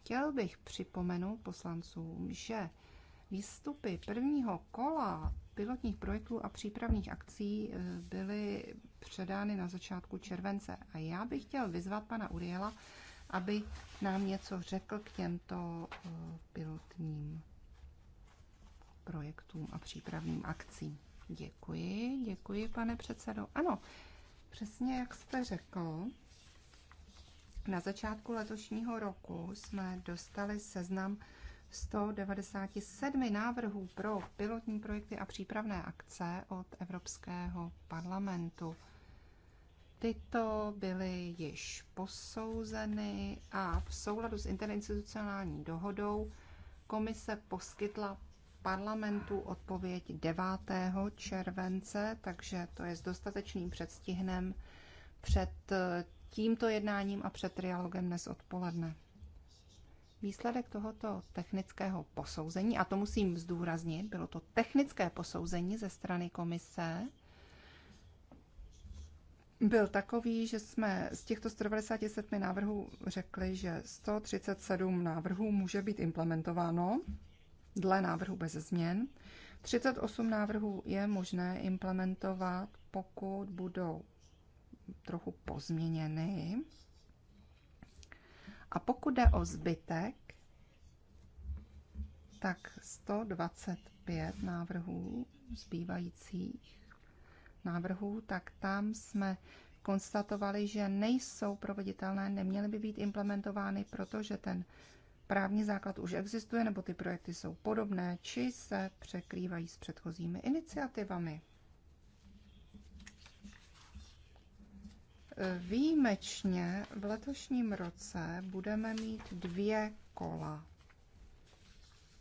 Chtěl bych připomenout poslancům, že Výstupy prvního kola pilotních projektů a přípravných akcí eh, byly předány na začátku července. A já bych chtěl vyzvat pana Uriela, aby nám něco řekl k těmto eh, pilotním projektům a přípravným akcím. Děkuji, děkuji, pane předsedo. Ano, přesně jak jste řekl, na začátku letošního roku jsme dostali seznam 197 návrhů pro pilotní projekty a přípravné akce od Evropského parlamentu. Tyto byly již posouzeny a v souladu s interinstitucionální dohodou komise poskytla parlamentu odpověď 9. července, takže to je s dostatečným předstihnem před tímto jednáním a před trialogem dnes odpoledne výsledek tohoto technického posouzení, a to musím zdůraznit, bylo to technické posouzení ze strany komise, byl takový, že jsme z těchto 197 návrhů řekli, že 137 návrhů může být implementováno dle návrhu bez změn. 38 návrhů je možné implementovat, pokud budou trochu pozměněny a pokud jde o zbytek, tak 125 návrhů zbývajících návrhů, tak tam jsme konstatovali, že nejsou proveditelné, neměly by být implementovány, protože ten právní základ už existuje, nebo ty projekty jsou podobné, či se překrývají s předchozími iniciativami. Výjimečně v letošním roce budeme mít dvě kola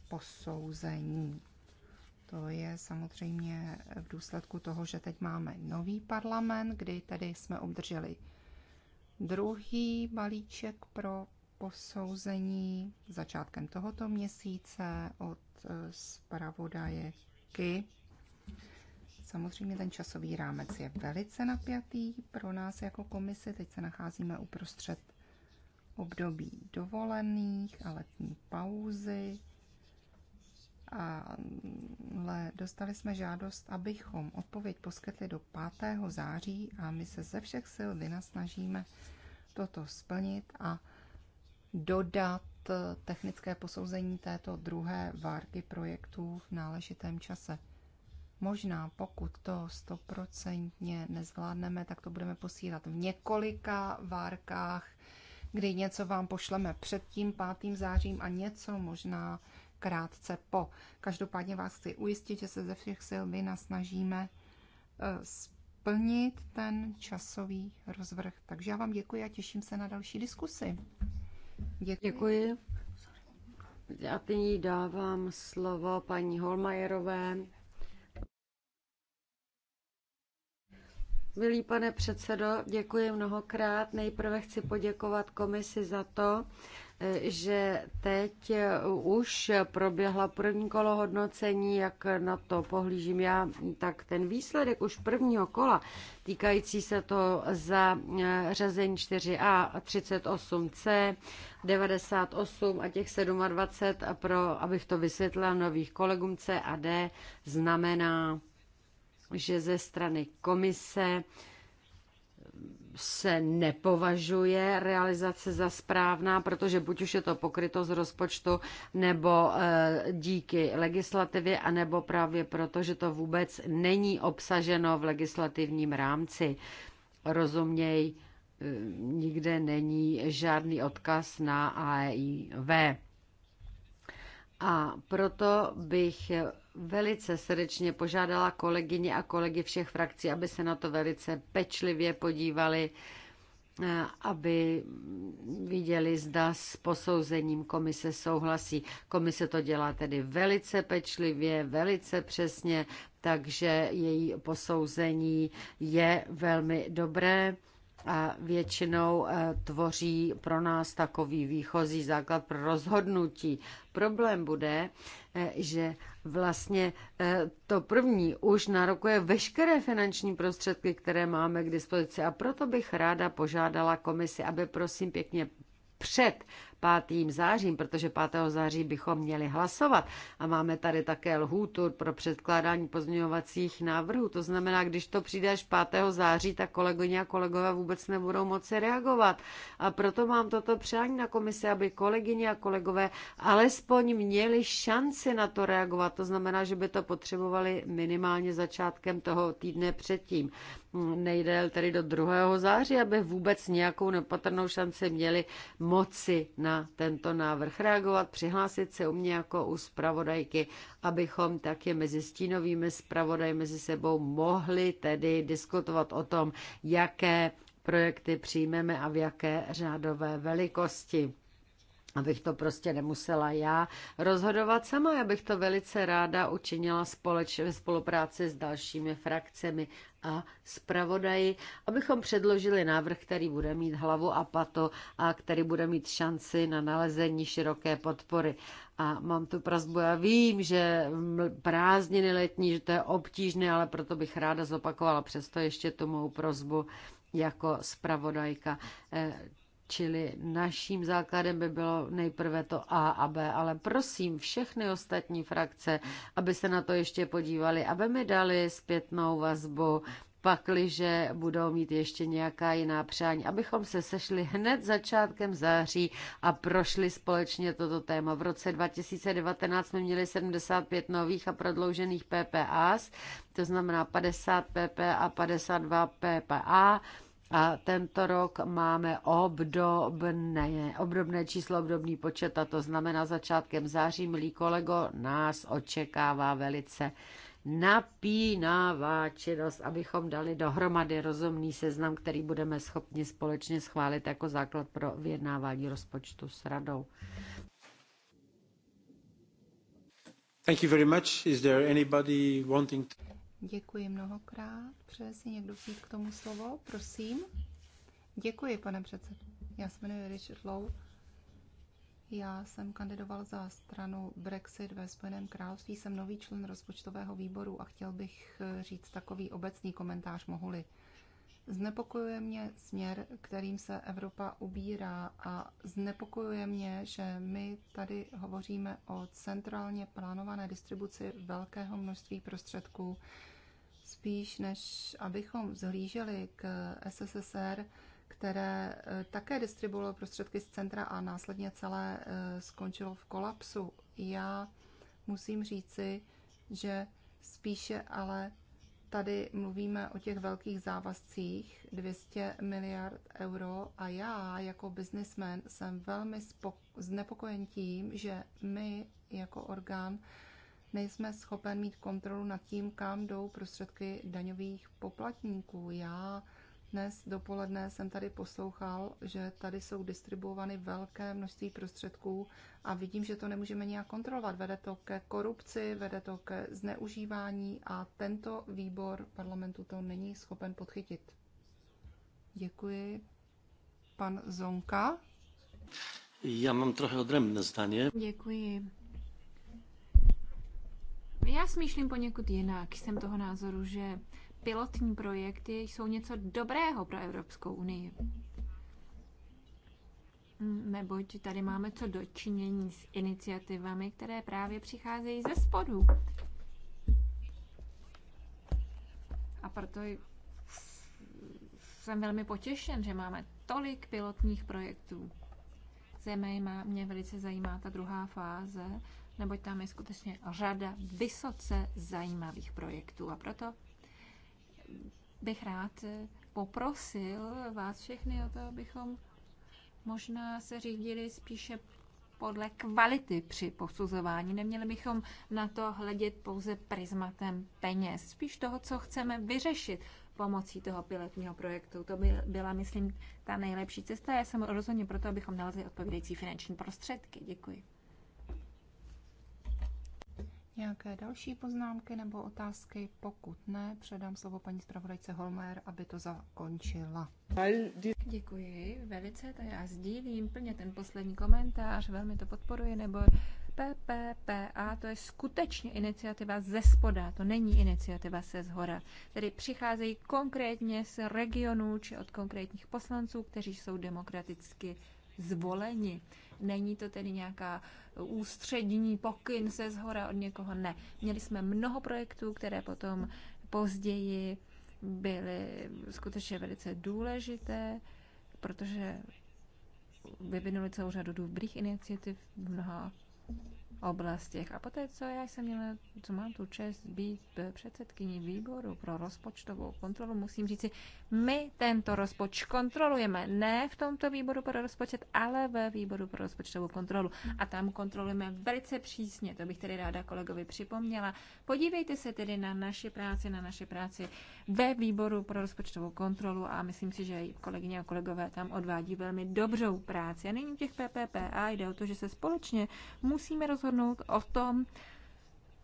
posouzení. To je samozřejmě v důsledku toho, že teď máme nový parlament, kdy tedy jsme obdrželi druhý balíček pro posouzení začátkem tohoto měsíce od eh, zpravodajeky. Samozřejmě ten časový rámec je velice napjatý pro nás jako komisi. Teď se nacházíme uprostřed období dovolených a letní pauzy. Ale dostali jsme žádost, abychom odpověď poskytli do 5. září a my se ze všech sil vynasnažíme toto splnit a dodat technické posouzení této druhé várky projektů v náležitém čase. Možná pokud to stoprocentně nezvládneme, tak to budeme posílat v několika várkách, kdy něco vám pošleme před tím 5. zářím a něco možná krátce po. Každopádně vás chci ujistit, že se ze všech sil vynasnažíme eh, splnit ten časový rozvrh. Takže já vám děkuji a těším se na další diskusy. Děkuji. děkuji. Já teď dávám slovo paní Holmajerové Milý pane předsedo, děkuji mnohokrát. Nejprve chci poděkovat komisi za to, že teď už proběhla první kolo hodnocení, jak na to pohlížím já, tak ten výsledek už prvního kola týkající se to za řazení 4A, 38C, 98 a těch 27 pro, abych to vysvětlila nových kolegům C a D, znamená že ze strany komise se nepovažuje realizace za správná, protože buď už je to pokryto z rozpočtu, nebo eh, díky legislativě, anebo právě proto, že to vůbec není obsaženo v legislativním rámci. Rozuměj, eh, nikde není žádný odkaz na AEIV. A proto bych velice srdečně požádala kolegyně a kolegy všech frakcí, aby se na to velice pečlivě podívali, eh, aby viděli, zda s posouzením komise souhlasí. Komise to dělá tedy velice pečlivě, velice přesně, takže její posouzení je velmi dobré a většinou eh, tvoří pro nás takový výchozí základ pro rozhodnutí. Problém bude, Eh, že vlastně eh, to první už narokuje veškeré finanční prostředky, které máme k dispozici. A proto bych ráda požádala komisi, aby prosím pěkně před 5. zářím, protože 5. září bychom měli hlasovat. A máme tady také lhůtu pro předkládání pozměňovacích návrhů. To znamená, když to přijde až 5. září, tak kolegyně a kolegové vůbec nebudou moci reagovat. A proto mám toto přání na komisi, aby kolegyně a kolegové alespoň měli šanci na to reagovat. To znamená, že by to potřebovali minimálně začátkem toho týdne předtím. Nejde tedy do 2. září, aby vůbec nějakou nepatrnou šanci měli moci na na tento návrh reagovat, přihlásit se u mě jako u zpravodajky, abychom také mezi stínovými zpravodaj mezi sebou mohli tedy diskutovat o tom, jaké projekty přijmeme a v jaké řádové velikosti abych to prostě nemusela já rozhodovat sama. Já bych to velice ráda učinila společně ve spolupráci s dalšími frakcemi a zpravodaji, abychom předložili návrh, který bude mít hlavu a patu a který bude mít šanci na nalezení široké podpory. A mám tu prazbu, já vím, že prázdniny letní, že to je obtížné, ale proto bych ráda zopakovala přesto ještě tu mou prozbu jako zpravodajka. Eh, Čili naším základem by bylo nejprve to A a B, ale prosím všechny ostatní frakce, aby se na to ještě podívali, aby mi dali zpětnou vazbu, pakliže budou mít ještě nějaká jiná přání, abychom se sešli hned začátkem září a prošli společně toto téma. V roce 2019 jsme měli 75 nových a prodloužených PPAs, to znamená 50 PP a 52 PPA, a tento rok máme obdobné, obdobné číslo, obdobný počet a to znamená začátkem září, milí kolego, nás očekává velice napínavá činnost, abychom dali dohromady rozumný seznam, který budeme schopni společně schválit jako základ pro vyjednávání rozpočtu s radou. Thank you very much. Is there anybody wanting to... Děkuji mnohokrát. Přeje si někdo vzít k tomu slovo? Prosím. Děkuji, pane předsedo. Já se jmenuji Richard Low. Já jsem kandidoval za stranu Brexit ve Spojeném království. Jsem nový člen rozpočtového výboru a chtěl bych eh, říct takový obecný komentář, mohu-li. Znepokojuje mě směr, kterým se Evropa ubírá a znepokojuje mě, že my tady hovoříme o centrálně plánované distribuci velkého množství prostředků, spíš než abychom zhlíželi k SSSR, které eh, také distribuovalo prostředky z centra a následně celé eh, skončilo v kolapsu. Já musím říci, že spíše ale tady mluvíme o těch velkých závazcích 200 miliard euro a já jako businessman jsem velmi znepokojen tím, že my jako orgán nejsme schopen mít kontrolu nad tím, kam jdou prostředky daňových poplatníků. Já dnes dopoledne jsem tady poslouchal, že tady jsou distribuovány velké množství prostředků a vidím, že to nemůžeme nijak kontrolovat. Vede to ke korupci, vede to ke zneužívání a tento výbor parlamentu to není schopen podchytit. Děkuji. Pan Zonka. Já mám trochu odremné zdaně. Děkuji. Já smýšlím poněkud jinak. Jsem toho názoru, že pilotní projekty jsou něco dobrého pro Evropskou unii. Neboť tady máme co dočinění s iniciativami, které právě přicházejí ze spodu. A proto jsem velmi potěšen, že máme tolik pilotních projektů. Země mě velice zajímá ta druhá fáze, neboť tam je skutečně řada vysoce zajímavých projektů. A proto bych rád poprosil vás všechny o to, abychom možná se řídili spíše podle kvality při posuzování. Neměli bychom na to hledět pouze prismatem peněz, spíš toho, co chceme vyřešit pomocí toho pilotního projektu. To by byla, myslím, ta nejlepší cesta. Já jsem rozhodně proto, abychom nalezli odpovědající finanční prostředky. Děkuji. Nějaké další poznámky nebo otázky? Pokud ne, předám slovo paní zpravodajce Holmer, aby to zakončila. Děkuji velice, to já sdílím plně ten poslední komentář, velmi to podporuji, nebo PPPA to je skutečně iniciativa ze spoda, to není iniciativa se zhora. Tedy přicházejí konkrétně z regionů či od konkrétních poslanců, kteří jsou demokraticky zvoleni. Není to tedy nějaká uh, ústřední pokyn se zhora od někoho. Ne. Měli jsme mnoho projektů, které potom později byly skutečně velice důležité, protože vyvinuli celou řadu dobrých iniciativ v mnoha oblastech. A poté, co já jsem měla, co mám tu čest být předsedkyní výboru pro rozpočtovou kontrolu, musím říci, my tento rozpočet kontrolujeme. Ne v tomto výboru pro rozpočet, ale ve výboru pro rozpočtovou kontrolu. A tam kontrolujeme velice přísně, to bych tedy ráda kolegovi připomněla. Podívejte se tedy na naši práci, na naši práci ve výboru pro rozpočtovou kontrolu a myslím si, že kolegyně a kolegové tam odvádí velmi dobrou práci. A nyní těch PPP a jde o to, že se společně musíme rozhodnout rozhodnout o tom,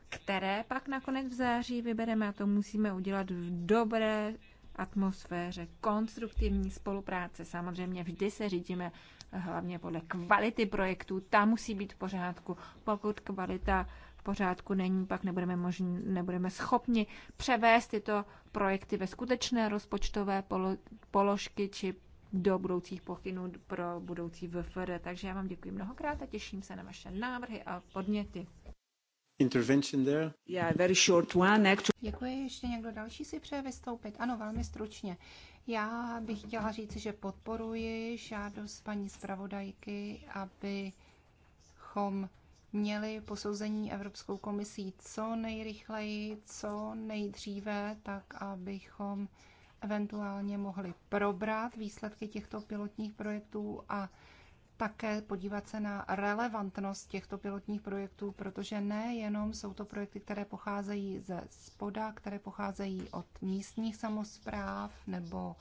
které pak nakonec v září vybereme a to musíme udělat v dobré atmosféře, konstruktivní spolupráce. Samozřejmě vždy se řídíme hlavně podle kvality projektů, ta musí být v pořádku. Pokud kvalita v pořádku není, pak nebudeme, možný, nebudeme schopni převést tyto projekty ve skutečné rozpočtové položky či do budoucích pokynů pro budoucí VFR. Takže já vám děkuji mnohokrát a těším se na vaše návrhy a podněty. Intervention there? Yeah, very short one, actually. Děkuji. Ještě někdo další si přeje vystoupit? Ano, velmi stručně. Já bych chtěla říct, že podporuji žádost paní zpravodajky, abychom měli posouzení Evropskou komisí co nejrychleji, co nejdříve, tak abychom eventuálně mohli probrat výsledky těchto pilotních projektů a také podívat se na relevantnost těchto pilotních projektů, protože nejenom jsou to projekty, které pocházejí ze spoda, které pocházejí od místních samozpráv nebo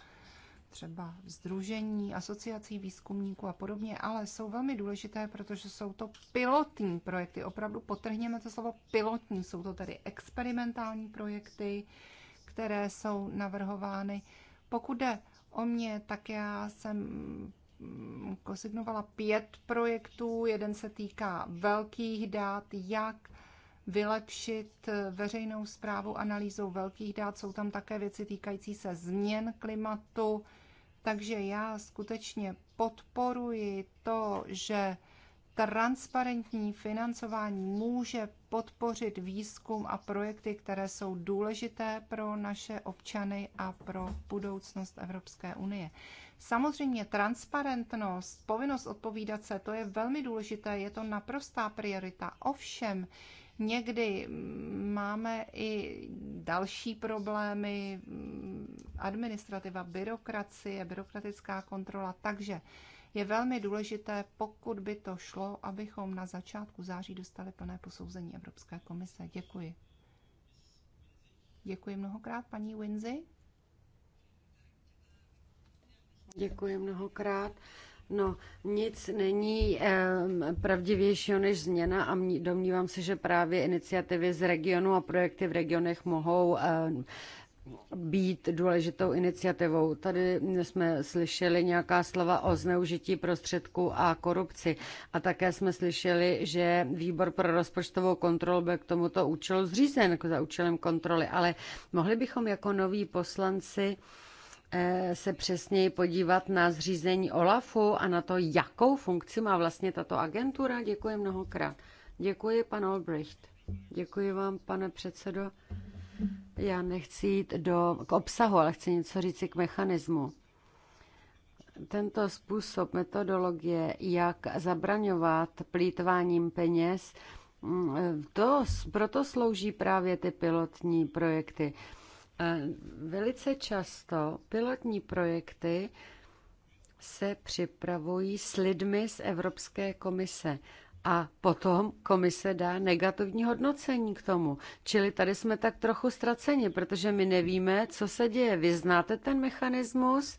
třeba združení, asociací výzkumníků a podobně, ale jsou velmi důležité, protože jsou to pilotní projekty. Opravdu potrhněme to slovo pilotní, jsou to tedy experimentální projekty, které jsou navrhovány. Pokud jde o mě, tak já jsem mm, kosignovala pět projektů. Jeden se týká velkých dát, jak vylepšit veřejnou zprávu analýzou velkých dát. Jsou tam také věci týkající se změn klimatu. Takže já skutečně podporuji to, že Transparentní financování může podpořit výzkum a projekty, které jsou důležité pro naše občany a pro budoucnost Evropské unie. Samozřejmě transparentnost, povinnost odpovídat se, to je velmi důležité, je to naprostá priorita. Ovšem, někdy máme i další problémy, mm, administrativa, byrokracie, byrokratická kontrola, takže je velmi důležité, pokud by to šlo, abychom na začátku září dostali plné posouzení Evropské komise. Děkuji. Děkuji mnohokrát, paní Winzy. Děkuji mnohokrát. No, nic není um, pravdivějšího než změna a mní, domnívám se, že právě iniciativy z regionu a projekty v regionech mohou um, být důležitou iniciativou. Tady jsme slyšeli nějaká slova o zneužití prostředků a korupci a také jsme slyšeli, že výbor pro rozpočtovou kontrolu byl k tomuto účelu zřízen jako za účelem kontroly, ale mohli bychom jako noví poslanci eh, se přesněji podívat na zřízení OLAFu a na to, jakou funkci má vlastně tato agentura. Děkuji mnohokrát. Děkuji, pan Olbricht. Děkuji vám, pane předsedo. Já nechci jít do, k obsahu, ale chci něco říct k mechanismu. Tento způsob metodologie, jak zabraňovat plítváním peněz, mm, to, proto slouží právě ty pilotní projekty. Velice často pilotní projekty se připravují s lidmi z Evropské komise a potom komise dá negativní hodnocení k tomu. Čili tady jsme tak trochu ztraceni, protože my nevíme, co se děje. Vy znáte ten mechanismus,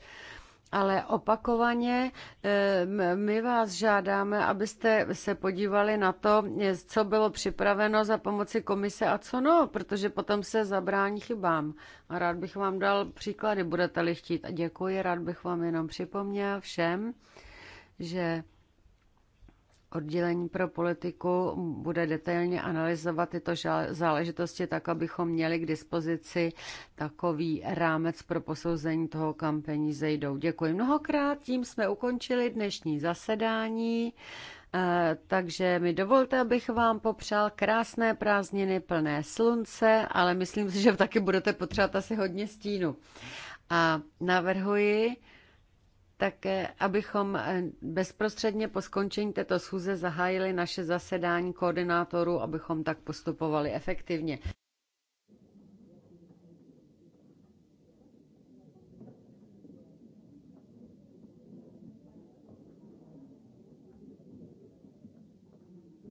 ale opakovaně ehm, my vás žádáme, abyste se podívali na to, co bylo připraveno za pomoci komise a co no, protože potom se zabrání chybám. A rád bych vám dal příklady, budete-li chtít. A děkuji, rád bych vám jenom připomněl všem, že oddělení pro politiku bude detailně analyzovat tyto záležitosti tak, abychom měli k dispozici takový rámec pro posouzení toho, kam peníze jdou. Děkuji mnohokrát, tím jsme ukončili dnešní zasedání. Eh, takže mi dovolte, abych vám popřál krásné prázdniny plné slunce, ale myslím si, že taky budete potřebovat asi hodně stínu. A navrhuji, tak abychom eh, bezprostředně po skončení této schůze zahájili naše zasedání koordinátorů, abychom tak postupovali efektivně.